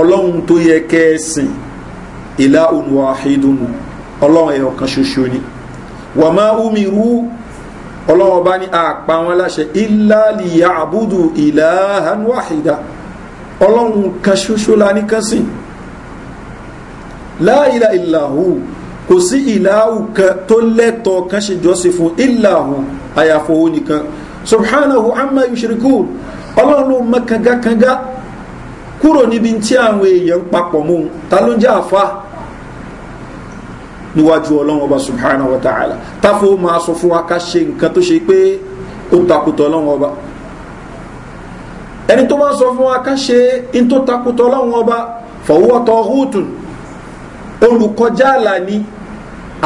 ọlọ́run tó yẹ kẹ́ẹ̀sìn ìlà ònùwà àhídùnù ọlọ́run ẹ̀yọ̀ kan ṣoṣo ni wà máa wúmi rú ọlọ́run bá ní àpá wọn láṣẹ ìlà lìyà àbúdù ìlà hanu àhídà ọlọ́run kan ṣoṣo la ní kan sìn láìlà ìlàhù kò sí ìlàhù kan tó lẹ́tọ̀ọ́ kan ṣe jọ́sìn fún ìlàhù àyàfọ̀ òun nìkan subhanahu amma yushrikun ọlọ́run ló mọ kangakanga kúrò níbi tí àwọn èèyàn papọ̀ mú ta ló ń jẹ́ àfa níwájú ọlọ́run ọba subhanahu wa ta'ala táfó máa sọ fún wa ká ṣe nǹkan tó ṣe pé ó takùtọ̀ ọlọ́run ọba ẹni tó máa sọ fún wa ká ṣe in tó takùtọ̀ ọlọ́run ọba fọwọ́ hútùn olùkọjá àlà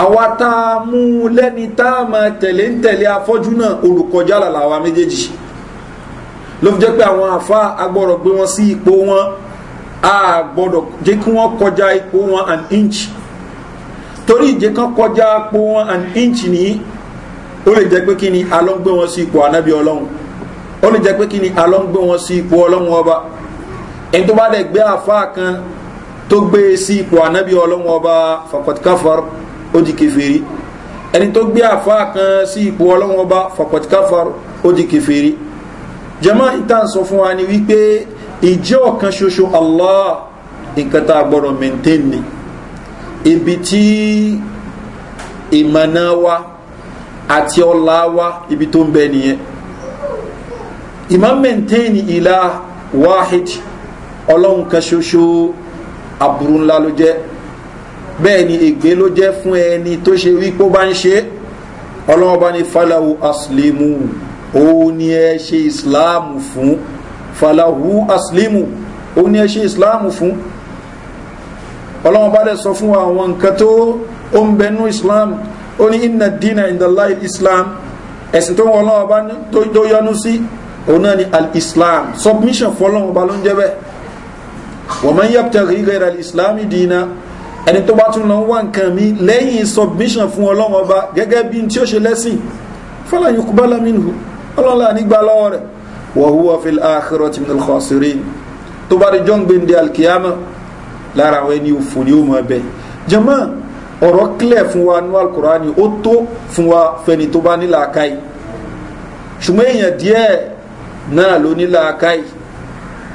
àwa tá a mú lẹ́ni tá a máa tẹ̀lé ń tẹ̀lé afọ́jú náà olùkọjá làlà àwa méjèèjì ló fi jẹ́ pé àwọn àfa agbọ́dọ̀ gbé wọn sí ipò wọn a gbọ́dọ̀ jẹ́ kí wọ́n kọjá ipò wọn an inch torí ìjẹ́ kan kọjá ipò wọn an inch nìyí ó lè jẹ́ pé kí ni alọ́ ń gbé wọn sí ipò ànábì ọlọ́run ó lè jẹ́ pé kí ni alọ́ ń gbé wọn sí ipò ọlọ́run ọba ẹni tó bá dẹ̀ gbé àfa kan tó gbé sí ipò ànábì ọlọ́run ọba faqad kafar ó di kẹfẹ́rí ẹni tó gbé àfa kan sí ipò ọlọ́wọ́n ọba fàkọ̀tíkàfà ó di kẹfẹ́rí jama ìtàn sọ fún wa ni wípé ìjẹ́ ọ̀kan ṣoṣo allah nǹkan tá a gbọ́dọ̀ maintain ni ibi tí ìmọ̀nà wa àti ọlá wa ibi tó ń bẹ nìyẹn ìmọ̀ maintain ìlà wahid ọlọ́run kan ṣoṣo aburú ńlá ló jẹ́ bẹ́ẹ̀ ni ègbé ló jẹ́ fún ẹni tó ṣe wípé bá ń ṣe ọlọ́ọ̀bá ni falahu aslimu òun ni ẹ ṣe ìsìláàmù fún falahu aslimu òun ni ẹ ṣe ìsìláàmù fún ọlọ́ọ̀bá dẹ̀ sọ fún àwọn nǹkan tó ó ń bẹnú ìsìláàmù ó ní inna dina indala islam ẹ̀sìn tó ń wọ́n ọlọ́ọ̀bá tó yọnu sí òun náà ni al-islam submission fọlọ́ọ̀bá ló ń jẹ́ bẹ́ẹ̀ wọ́n máa ń yàtọ̀ rí gẹ́rẹ́ al-islam dina ẹni tó bá tún lọ wá nǹkan mi lẹ́yìn submission fún ọlọ́run ọba gẹ́gẹ́ bí tí ó ṣe lẹ́sìn fala yuqbala minhu ọlọ́run láà nígbà lọ́wọ́ rẹ̀ wa huwa fil akhirati minal khasirin tó bá rí john gbende alkiyama lára àwọn ẹni òfò ni ó mọ ẹbẹ jama ọ̀rọ̀ clear fún wa ní alukurani ó tó fún wa fẹni tó bá nílà akáyì ṣùgbọ́n èèyàn díẹ̀ náà ló nílà akáyì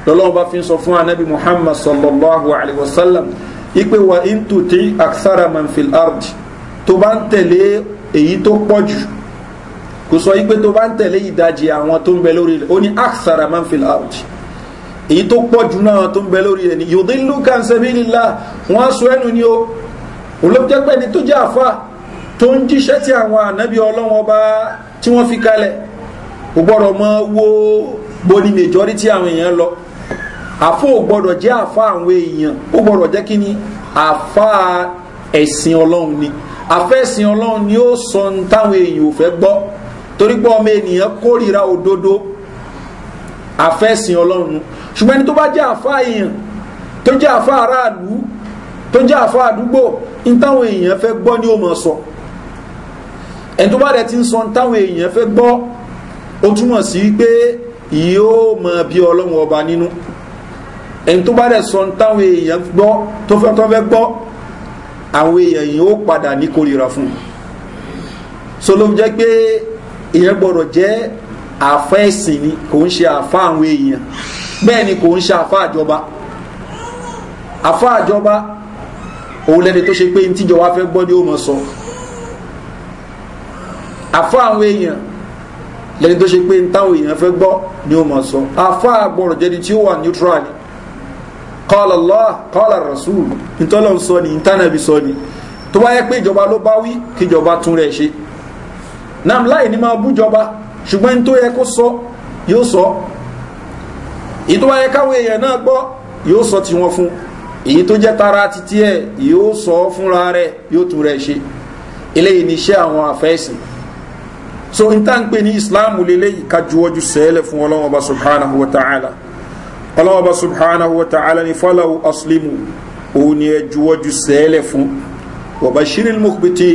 lọ́lọ́run bá fi sọ fún anabi muhammad sallallahu alayhi wa sallam ipe wa intuti aksara man fil ard tó bá ń tẹ̀lé èyí tó pọ̀ jù kò sọ ipe tó bá ń tẹ̀lé ìdajì àwọn tó ń bẹ lórí rẹ̀ ó ní aksara man fil ard èyí tó pọ̀ jù náà tó ń bẹ lórí rẹ̀ ni yòdínlù kan sabilillah wọ́n sọ ẹnu ni ó olóòjẹ́pẹ́ ni tó jẹ́ àfà tó ń jíṣẹ́ tí àwọn ànábì ọlọ́wọ́n bá tí wọ́n fi kalẹ̀ kò gbọ́dọ̀ mọ́ wo bo ni majority àwọn èèyàn lọ àfọ ò gbọdọ̀ jẹ́ àfa àwọn èèyàn ó gbọdọ̀ jẹ́ kí ni àfa ẹ̀sìn ọlọ́run ni àfẹ́sìn ọlọ́run ni ó sọ ní táwọn èèyàn ò fẹ́ gbọ́ torí pé ọmọ ènìyàn kórìíra òdodo àfẹ́sìn ọlọ́run ṣùgbọ́n ẹni tó bá jẹ́ àfa èèyàn tó jẹ́ àfa aráàlú tó jẹ́ àfa àdúgbò ní táwọn èèyàn fẹ́ gbọ́ ni ó mọ̀ sọ ẹni tó bá rẹ̀ ti ń sọ ní táwọn èèyàn fẹ́ gbọ́ ó túmọ̀ sí pé yóò mọ bí ọlọ́run ọba nínú ẹni tó bá dẹ̀ sọ táwọn èèyàn gbọ́ tó fẹ́ tó fẹ́ gbọ́ àwọn èèyàn yìí ó padà ní kórìíra fún un so ló jẹ́ pé èèyàn gbọ́dọ̀ jẹ́ àfa ẹ̀sìn ni kò ń ṣe àfa àwọn èèyàn bẹ́ẹ̀ ni kò ń ṣe àfa àjọba àfa àjọba òun lẹ́ni tó ṣe pé ní tíjọba fẹ́ gbọ́ ni ó mọ̀ sọ àfa àwọn èèyàn lẹ́ni tó ṣe pé ní táwọn èèyàn fẹ́ gbọ́ ni ó mọ̀ sọ àfa àgbọ̀rọ̀ jẹ́ni tí ó wà neutral ni kọ́lá lọ́ kọ́lá rasul ìtọ́lọ̀ ń sọ ni ìtànàbí sọ ni tó bá yẹ pé ìjọba ló bá wí kíjọba tún rẹ̀ ṣe náà láì ní máa bújọba ṣùgbọ́n tó yẹ kó sọ yóò sọ èyí tó bá yẹ káwọn èèyàn náà gbọ́ yóò sọ ti wọn fún èyí tó jẹ́ tara títí ẹ̀ yóò sọ fúnra rẹ̀ yóò tún rẹ̀ ṣe eléyìí ni iṣẹ́ àwọn àfẹ́sìn so n tá n pè ní islam lélẹ́yìí ká juwọ́jú sẹ́ẹ̀lẹ̀ fún ọlọ́wọ́n ọba subhanahu wa ta'ala ọlọ́wọ́ba subhanahu wa ta'ala ni fọ́láwù aslimu òun ni ẹ juwọ́jú sẹ́ẹ̀lẹ̀ fún ọba shiril mukbiti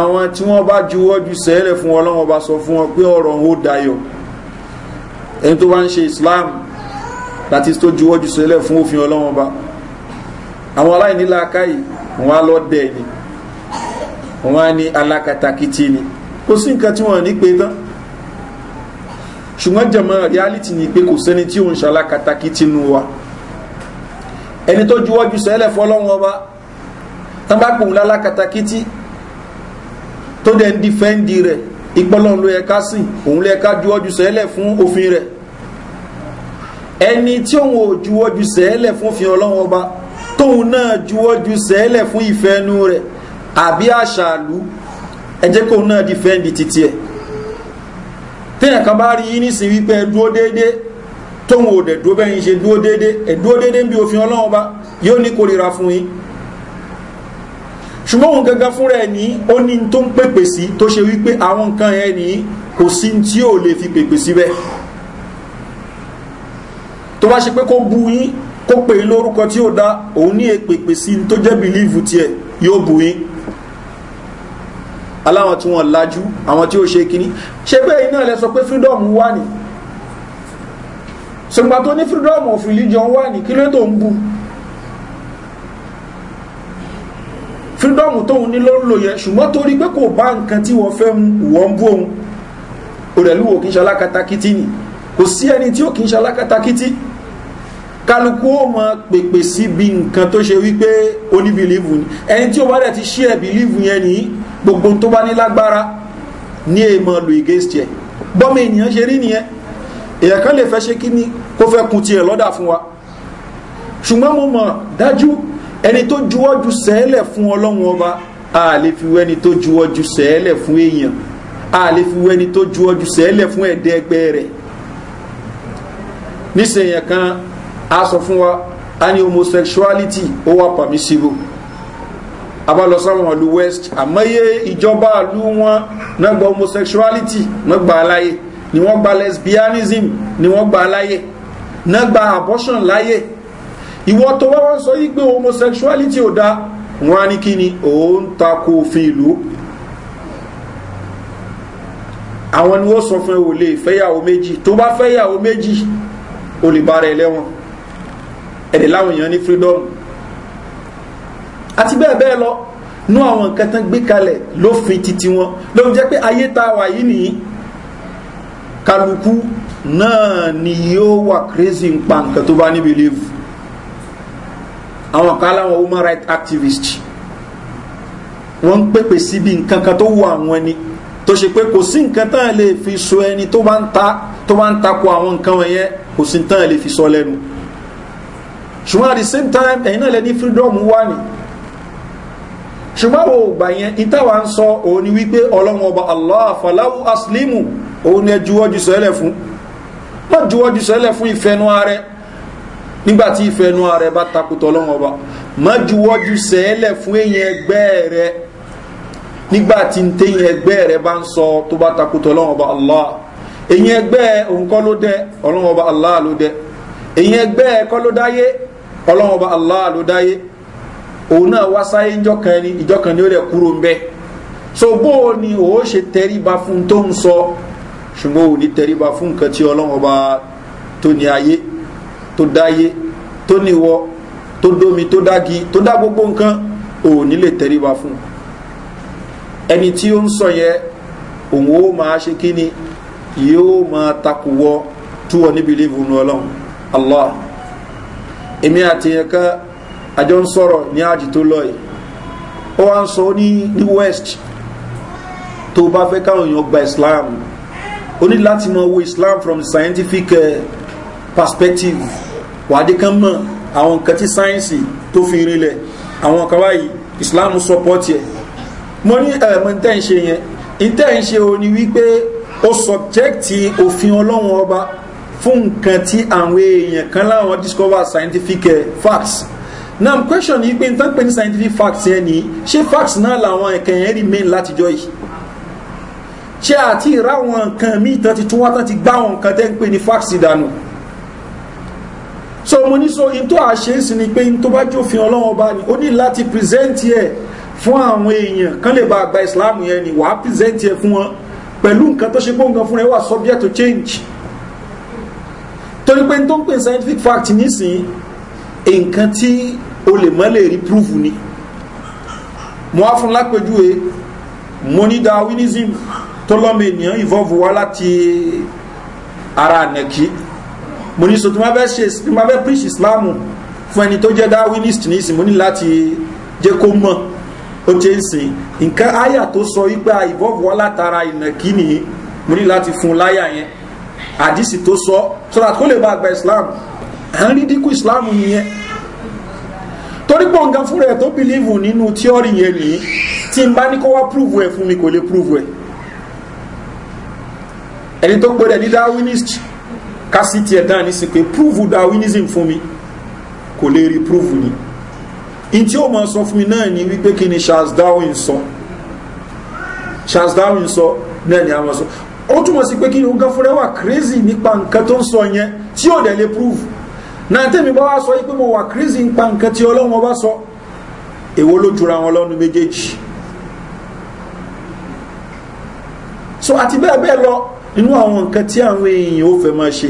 àwọn tí wọ́n bá juwọ́jú sẹ́ẹ̀lẹ̀ fún ọlọ́wọ́ba sọ fún wọn pé ọ̀rọ̀ ń ó dayọ̀ ẹni tó bá ń ṣe islam láti tó juwọ́jú sẹ́lẹ̀ fún òfin ọlọ́wọ́n bá àwọn aláìní làákàyè wọn á lọ dẹ̀ ni wọn á ní alákatakítí ni kò sí nǹkan tí wọn ní pé tán ṣùgbọ́n jẹ̀mọ́ reality ni pé kò sẹ́ni tí ó ń ṣàlá kàtàkì tinú wa ẹni tó juwọ́jú sẹ́lẹ̀ fọ́lọ́run ọba tán bá pòun lálá kàtàkì tí tó dẹ̀ ń dìfẹ́ǹdì rẹ̀ ìpọ́lọ́run ló yẹ ká sìn òun ló yẹ ká juwọ́jú sẹ́lẹ̀ fún òfin rẹ̀ ẹni tí òun ò juwọ́jú sẹ́lẹ̀ fún òfin ọlọ́run ọba tóun náà juwọ́jú sẹ́lẹ̀ fún ìfẹ́nu rẹ̀ àbí àṣàlú ẹ jẹ́ kóun náà dìfẹ́ǹdì titi ẹ̀ téèyàn kan bá rí yín nísìn wípé ẹ dúró déédéé tóun ò dẹ̀ dúró bẹ́yìn ṣe dúró déédéé ẹ dúró déédéé ń bí òfin ọlọ́run bá yóò ní kórira fún yín ṣùgbọ́n òun gangan fúnra ẹ̀ ní ó ní tó ń pèpè sí tó ṣe wípé àwọn nǹkan ẹ̀ ní kò sí tí ò lè fi pèpè síbẹ̀ tó bá ṣe pé kó bu yín kó pè é lórúkọ tí ó dá òun ní èpèpè sí tó jẹ́ bìlíìfù tiẹ̀ yóò bu yín aláwọn tí wọ́n lajú àwọn tí ó ṣe kíní ṣe pé iná ilẹ̀ sọ pé freedom wà ní ṣùgbọ́n tó ní freedom of religion wà ní kí ló tó ń bu freedom tóun ní ló ń lò yẹn ṣùgbọ́n torí pé kò bá nǹkan tí wọ́n fẹ́ wọ́n bú òun òrẹ̀lúwò kí n ṣe alákatakítí ni kò sí ẹni tí ó kì í ṣe alákatakítí kálukú ó mọ pèpè síbi nǹkan tó ṣe wípé oníbìlíìfù ni ẹni tí ó bá dẹ̀ ti ṣí ẹ̀ bìlíìfù yẹn nìyí gbogbo tó bá ní lágbára ní èèmọ̀ lu against ẹ̀ bọ́mọ ènìyàn ṣe rí nìyẹn èèyàn kan lè fẹ́ ṣe kí ni kó fẹ́ kun tiẹ̀ lọ́dà fún wa ṣùgbọ́n mo mọ̀ dájú ẹni tó juwọ́jú sẹ́ẹ̀lẹ̀ fún ọlọ́run ọba a lè fi wẹ́ni tó juwọ́jú sẹ́ẹ̀lẹ̀ fún èèyàn a lè fi wẹ́ni tó juwọ́jú sẹ́ẹ̀lẹ̀ fún ẹ̀dẹ́ ẹgbẹ́ rẹ̀ nísìnyẹn kan a sọ fún wa a ní homosexuality ó wà permissible abalọ sáwọn ìlú west àmọ́yé ìjọba ìlú wọn náà gba homosexuality náà gba aláyé ni wọ́n gba lesbianism ni wọ́n gba aláyé náà gba abortion láyé ìwọ tó wá wọ́n sọ yí pé homosexuality ò da wọ́n á ní kí ni òun tako òfin ìlú àwọn ni wọ́n sọ fún ẹ ò lè fẹ́yàwó méjì tó bá fẹ́yàwó méjì o lẹ́wọ̀n ẹ̀dẹ̀ láwọn èèyàn ní freedom àti bẹ́ẹ̀ bẹ́ẹ̀ lọ nú àwọn nǹkan tán gbé kalẹ̀ lófin titi wọn ló ń jẹ́ pé ayé tá wà yìí nìyí kálukú náà ni yóò wà crazy ń pa nǹkan tó bá níbi léwu àwọn kan láwọn human rights activists wọ́n ń pèpè síbi nǹkan kan tó wù àwọn ni tó ṣe pé kò sí nǹkan tán lè fi so ẹni tó bá ń ta tó bá ń takò àwọn nǹkan wọ̀nyẹn kò sí tán lè fi sọ lẹ́nu ṣùgbọ́n at the same time ẹ̀yin náà lẹ ní freedom wà ní ṣùgbọ́n àwọn ògbà yẹn ìtawà ń sọ òun ni wípé ọlọ́run ọba allah falahu aslimu òun ni ẹ juwọ́jú sọ́lẹ̀ fún wọ́n juwọ́jú sọ́lẹ̀ fún ìfẹ́nu ààrẹ nígbàtí ìfẹ́nu ààrẹ bá takùtọ̀ ọlọ́run ọba má juwọ́jú sẹ́lẹ̀ fún èyàn ẹgbẹ́ rẹ nígbàtí ń tẹ́yìn ẹgbẹ́ rẹ bá ń sọ tó bá takùtọ̀ ọlọ́run ọba allah èyàn ẹgbẹ́ òun kọ́ ló dẹ ọlọ́run ọba òun náà wá sáyé ìjọkan ni ìjọkan ni ó lè kúrò ń bẹ so bó o ni o ṣe tẹríba fún tó ń sọ ṣùgbọ́n ò ní tẹríba fún nǹkan tí ọlọ́run ọba tó ní ayé tó dáyé tó níwọ tó dómi tó dági tó dá gbogbo nǹkan ò ní lè tẹríba fún ẹni tí ó ń sọ yẹn òun ó máa ṣe kí ni yóò máa takuwọ túwọ níbi ilé ìfúnnu ọlọ́run allah èmi àti yẹn kan àjọ ń sọ̀rọ̀ ní àjì tó lọ yìí ó wá ń sọ ní ní west tó bá fẹ́ káwọn èèyàn gba islam ó ní láti mọ owó islam from the scientific uh, perspective wàdí kan mọ̀ àwọn nǹkan tí sáyẹ́nsì tó fi rinlẹ̀ àwọn kan báyìí islam support yẹ mo ní ẹ̀mọ́ eh, ní tẹ́ ń ṣe yẹn ní tẹ́ o ní wípé ó subjecti òfin ọlọ́run ọba fún nǹkan tí àwọn èèyàn kan láwọn discover scientific uh, facts now question yìí pé nǹkan pé ní scientific facts yẹn ni ṣé facts náà làwọn ẹ̀kàn yẹn main látijọ́ yìí ṣé àti ìráwọn nǹkan míì tán ti tún wá tán ti gbá àwọn nǹkan tẹ́ ń pè ní facts ìdànù so mo ní so in tó àṣẹ ń sin ni pé in tó bá jófin ọlọ́wọ́n bá ní ó ní láti present yẹ fún àwọn èèyàn kan lè ba àgbà islam yẹn ni wàá present yẹ fún wọn pẹ̀lú nǹkan tó ṣe gbóǹgan fún ẹ wà subject to change torí pé n tó ń pè scientific facts nísìn nǹkan tí o lè mọ́ lè rí proof ni mo wá fún lápẹjúwe mo ní darwinism tó lọ́mọ ènìyàn evolve wá láti ara ànẹ̀kí mo ní so tí wọ́n fẹ́ ṣe tí wọ́n fẹ́ preach islam fún ẹni tó jẹ́ darwinist ní ìsìn mo ní láti jẹ́ kó mọ̀ ó ti ń sìn nǹkan àyà tó sọ wípé evolve wá látara ìnẹ̀kí nìyí mo ní láti fún un láyà yẹn àdìsí tó sọ so that kó lè bá àgbà islam à ń rí dínkù islam nìyẹn torí pọ̀ nǹkan fúnra ẹ̀ tó bìlíìfù nínú tíọ́rì yẹn ní tí n bá ní kó wá prúfù ẹ̀ fún mi kò lè prúfù ẹ̀ ẹni tó gbọ́dẹ̀ ní darwinist kásìtì ẹ̀ dáa nísìn pé prúfù darwinism fún mi kò lè rí prúfù ni in tí ó máa sọ fún mi náà ni wípé kí ni charles darwin sọ charles darwin sọ náà ni a máa sọ ó túmọ̀ sí pé kí ni ó gán fúnra wà crazy nípa nǹkan tó ń sọ yẹn tí ò dẹ̀ lè prúfù náà tẹ́mi bá wá sọ yí mo wà kírísì ń pa nǹkan tí ọlọ́run ọba sọ èwo ló jura wọn lọ́nu méjèèjì so àti bẹ́ẹ̀ bẹ́ẹ̀ lọ inú àwọn nǹkan tí àwọn èèyàn ó fẹ́ máa ṣe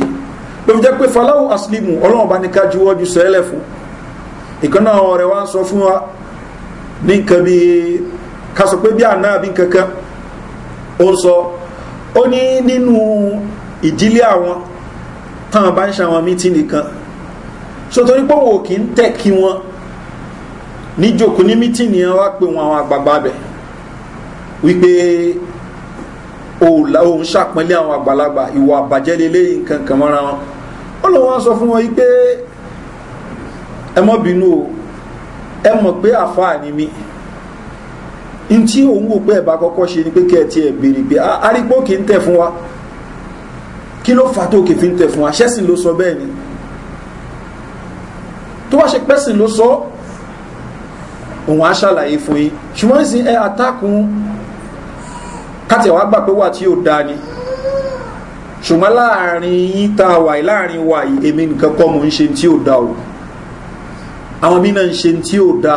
ló fi jẹ́ pé faláwo aslimu ọlọ́run bá ní ká juwọ́ ju sẹ́lẹ̀ fún ìkànnà àwọn ọ̀rẹ́ wa ń sọ fún wa ní nǹkan bí ká sọ pé bí àná àbí nǹkan kan ó ń sọ ó ní nínú ìdílé àwọn táwọn bá ń ṣe àwọn mítí nìkan so torí pé wọn ò kì í tẹ̀ kí wọn níjòkó ní mítìnì yẹn wá pé wọn àwọn àgbààgbà bẹ̀ wípé òun ṣàpọ́nlé àwọn àgbàlagbà ìwà àbàjẹ́ lélẹ́yìn nǹkan kan mọ́ra wọn ó lọ́ wọn sọ fún wọn wípé ẹ mọ́ bínú o ẹ mọ̀ pé àfáà ni mí n tí òun wò pé ẹ̀bá kọ́kọ́ ṣe ni pé kẹ́ ẹ ti ẹ̀ béèrè pé arígbó kì í tẹ̀ fún wa kí ló fà tó kì í fi ń tẹ̀ fún wa ṣẹ́sìn ló sọ bẹ́ẹ̀ ni tó bá ṣe pẹ́sìn ló sọ òun á ṣàlàyé fún yín ṣùgbọ́n sí ẹ atákun kátẹ̀wá gbà pé wà tí ó da ni ṣùgbọ́n láàrin yín tá a wà yìí láàrin wà yìí èmi nìkan kọ́ mò ń ṣe tí ó da o àwọn mí náà ń ṣe tí ó da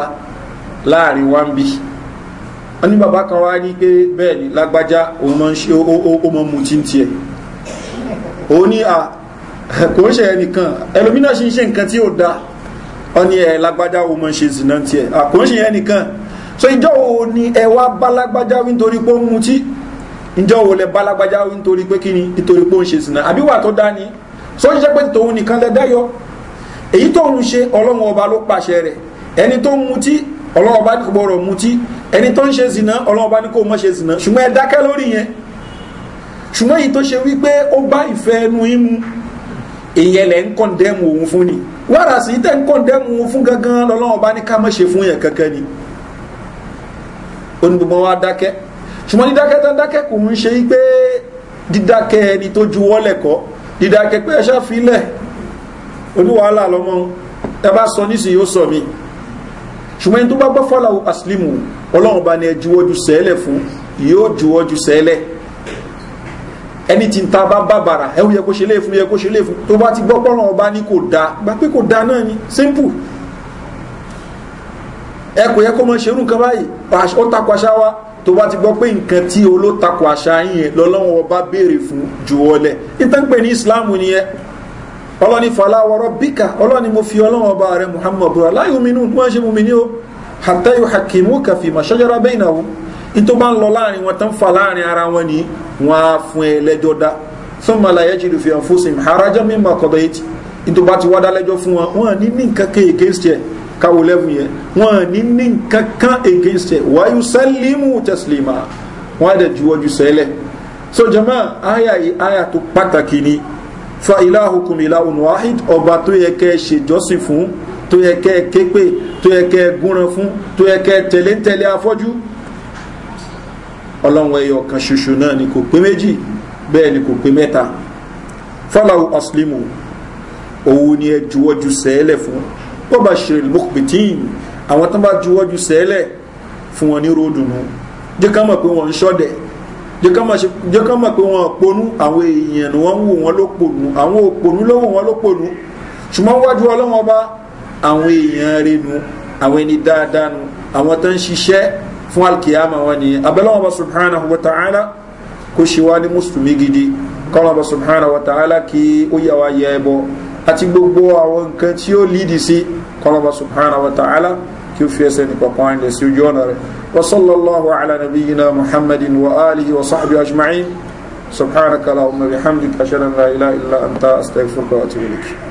láàrin wa ń bí wọ́n ní bàbá kan wá ní pé bẹ́ẹ̀ ni lágbájá òun mọ́ ń ṣe ó mọ́ mu tí ń tiẹ̀ òun ní à kò ń ṣe ẹnìkan ẹlòmínà ṣe ń ṣe nǹkan tí ó da ọ ní ẹ lágbájá wo mọ̀ ṣe zìnà tiẹ̀ àkóńṣe yẹn nìkan so ìjọ wo ni ẹ wá bá lágbájá wí nítorí pé ó ń mutí ìjọ wo lẹ bá lágbájá wí nítorí pé kí ni nítorí pé ó ń ṣe zìnà àbí wà tó dá ni so ṣe pé tòun nìkan lẹ dáyọ èyí tó ń ṣe ọlọ́run ọba ló pàṣẹ rẹ̀ ẹni tó ń mutí ọlọ́run ọba ní kò gbọ́dọ̀ mutí ẹni tó ń ṣe zìnà ọlọ́run ọba ní kò mọ̀ ṣe zìnà ṣùgbọ́n ẹ dákẹ́ lórí yẹn ṣùgbọ́n èyí ìyẹn lẹ ń kọ́ndẹ́mù òun fún ni wàrà sí tẹ́ ń kọ́ndẹ́mù òun fún gangan lọ́lọ́wọ́ bá ní ká mọ́ ṣe fún yẹn kankan ni ó ní gbogbo wa dákẹ́ ṣùgbọ́n dídákẹ́ tán dákẹ́ kò ń ṣe pé dídákẹ́ ẹni tó ju wọ́lẹ̀ kọ́ dídákẹ́ pé ẹṣẹ́ filẹ̀ oníwàhálà lọ́mọ ẹ bá sọ nísìnyí ó sọ mi ṣùgbọ́n ẹni tó bá gbọ́ fọ́lá aslimu ọlọ́run bá ní ẹ juwọ́jú sẹ́lẹ̀ fún yóò juwọ́jú sẹ́lẹ̀ ẹni tí ń ta bá bàbàrà ẹ ó yẹ kó ṣe lé fún yẹ kó ṣe lé fún tó bá ti gbọ́ ọba ní kò da gba pé kò da náà ni simple ẹ kò yẹ kó mọ ṣerú nǹkan báyìí ó takò àṣà wa tó bá ti gbọ́ pé nǹkan tí olótakò àṣà yìnyẹn lọ́lọ́wọ́ ọba béèrè fún jù ọ lẹ̀ ìtànpẹ̀ ní islam nìyẹn ọlọ́ni fàláwọ̀rọ̀ bíkà ọlọ́ni mo fi ọlọ́wọ́ ọba rẹ̀ muhammad bura hakimu kàfìmọ̀ ṣọ́jọ́ra bẹ́ẹ̀ náà ìtò bá ń lọ láàrin wọn tán wọ́n á fún ẹ lẹ́jọ́ dá sọ́mọ́ la yajidu fi anfusihim harajan mimma qadayt nítorí bá ti wá dá lẹ́jọ́ fún wọn wọ́n ní ní nǹkan kan against ẹ̀ káwọ́ lẹ́bùn yẹn wọ́n ní ní nǹkan kan against ẹ̀ wa yusallimu taslima wọ́n á dẹ̀ juwọ́jú sẹ́lẹ̀ so jama aya yìí aya tó pàtàkì ni fa ilahukum ilahun wahid ọba tó yẹ kẹ́ ẹ ṣèjọ́sìn fún tó yẹ kẹ́ ẹ képe tó yẹ kẹ́ ẹ gúnran fún tó yẹ kẹ́ ẹ tẹ̀lé afọ́jú ọlọ́run ẹyọ kan ṣoṣo náà ni kò pé méjì bẹ́ẹ̀ ni kò pé mẹ́ta fọláwù ọ̀sìlímù òun ni ẹ juwọ́jú sẹ́ẹ̀lẹ̀ fún bọ́bá ṣeré mọ́kùnbìtín àwọn tó bá juwọ́jú sẹ́ẹ̀lẹ̀ fún wọn ní ròdùnú jẹ́ ká mọ̀ pé wọ́n ń ṣọ́dẹ̀ jẹ́ ká mọ̀ pé wọ́n ponú àwọn èèyàn ni wọ́n ń wò wọ́n ló ponú àwọn òponú ló wò wọ́n ló ponú ṣùgbọ́n wájú ọlọ́wọ́n bá àwọn èèyàn rẹ̀ àwọn ẹni dáadáa nu àwọn tó ń ṣiṣẹ́ fún alkiyama wọn ni abẹ́lẹ́wọ̀n bá subhanahu wa ta'ala kó ṣe wá ní mùsùlùmí gidi kọ́lọ́n bá subhanahu wa ta'ala kí ó yà wá yẹ ẹbọ àti gbogbo àwọn nǹkan tí ó lídi sí kọ́lọ́n bá subhanahu wa ta'ala kí ó fi ẹsẹ̀ ní pàpọ̀ àyìn lẹ̀ sí ojú ọ̀nà rẹ̀ wa sallallahu ala nabiyyina muhammadin wa alihi wa sahbihi ajma'in subhanaka allahumma bihamdika ashhadu an la ilaha illa anta astaghfiruka wa atubu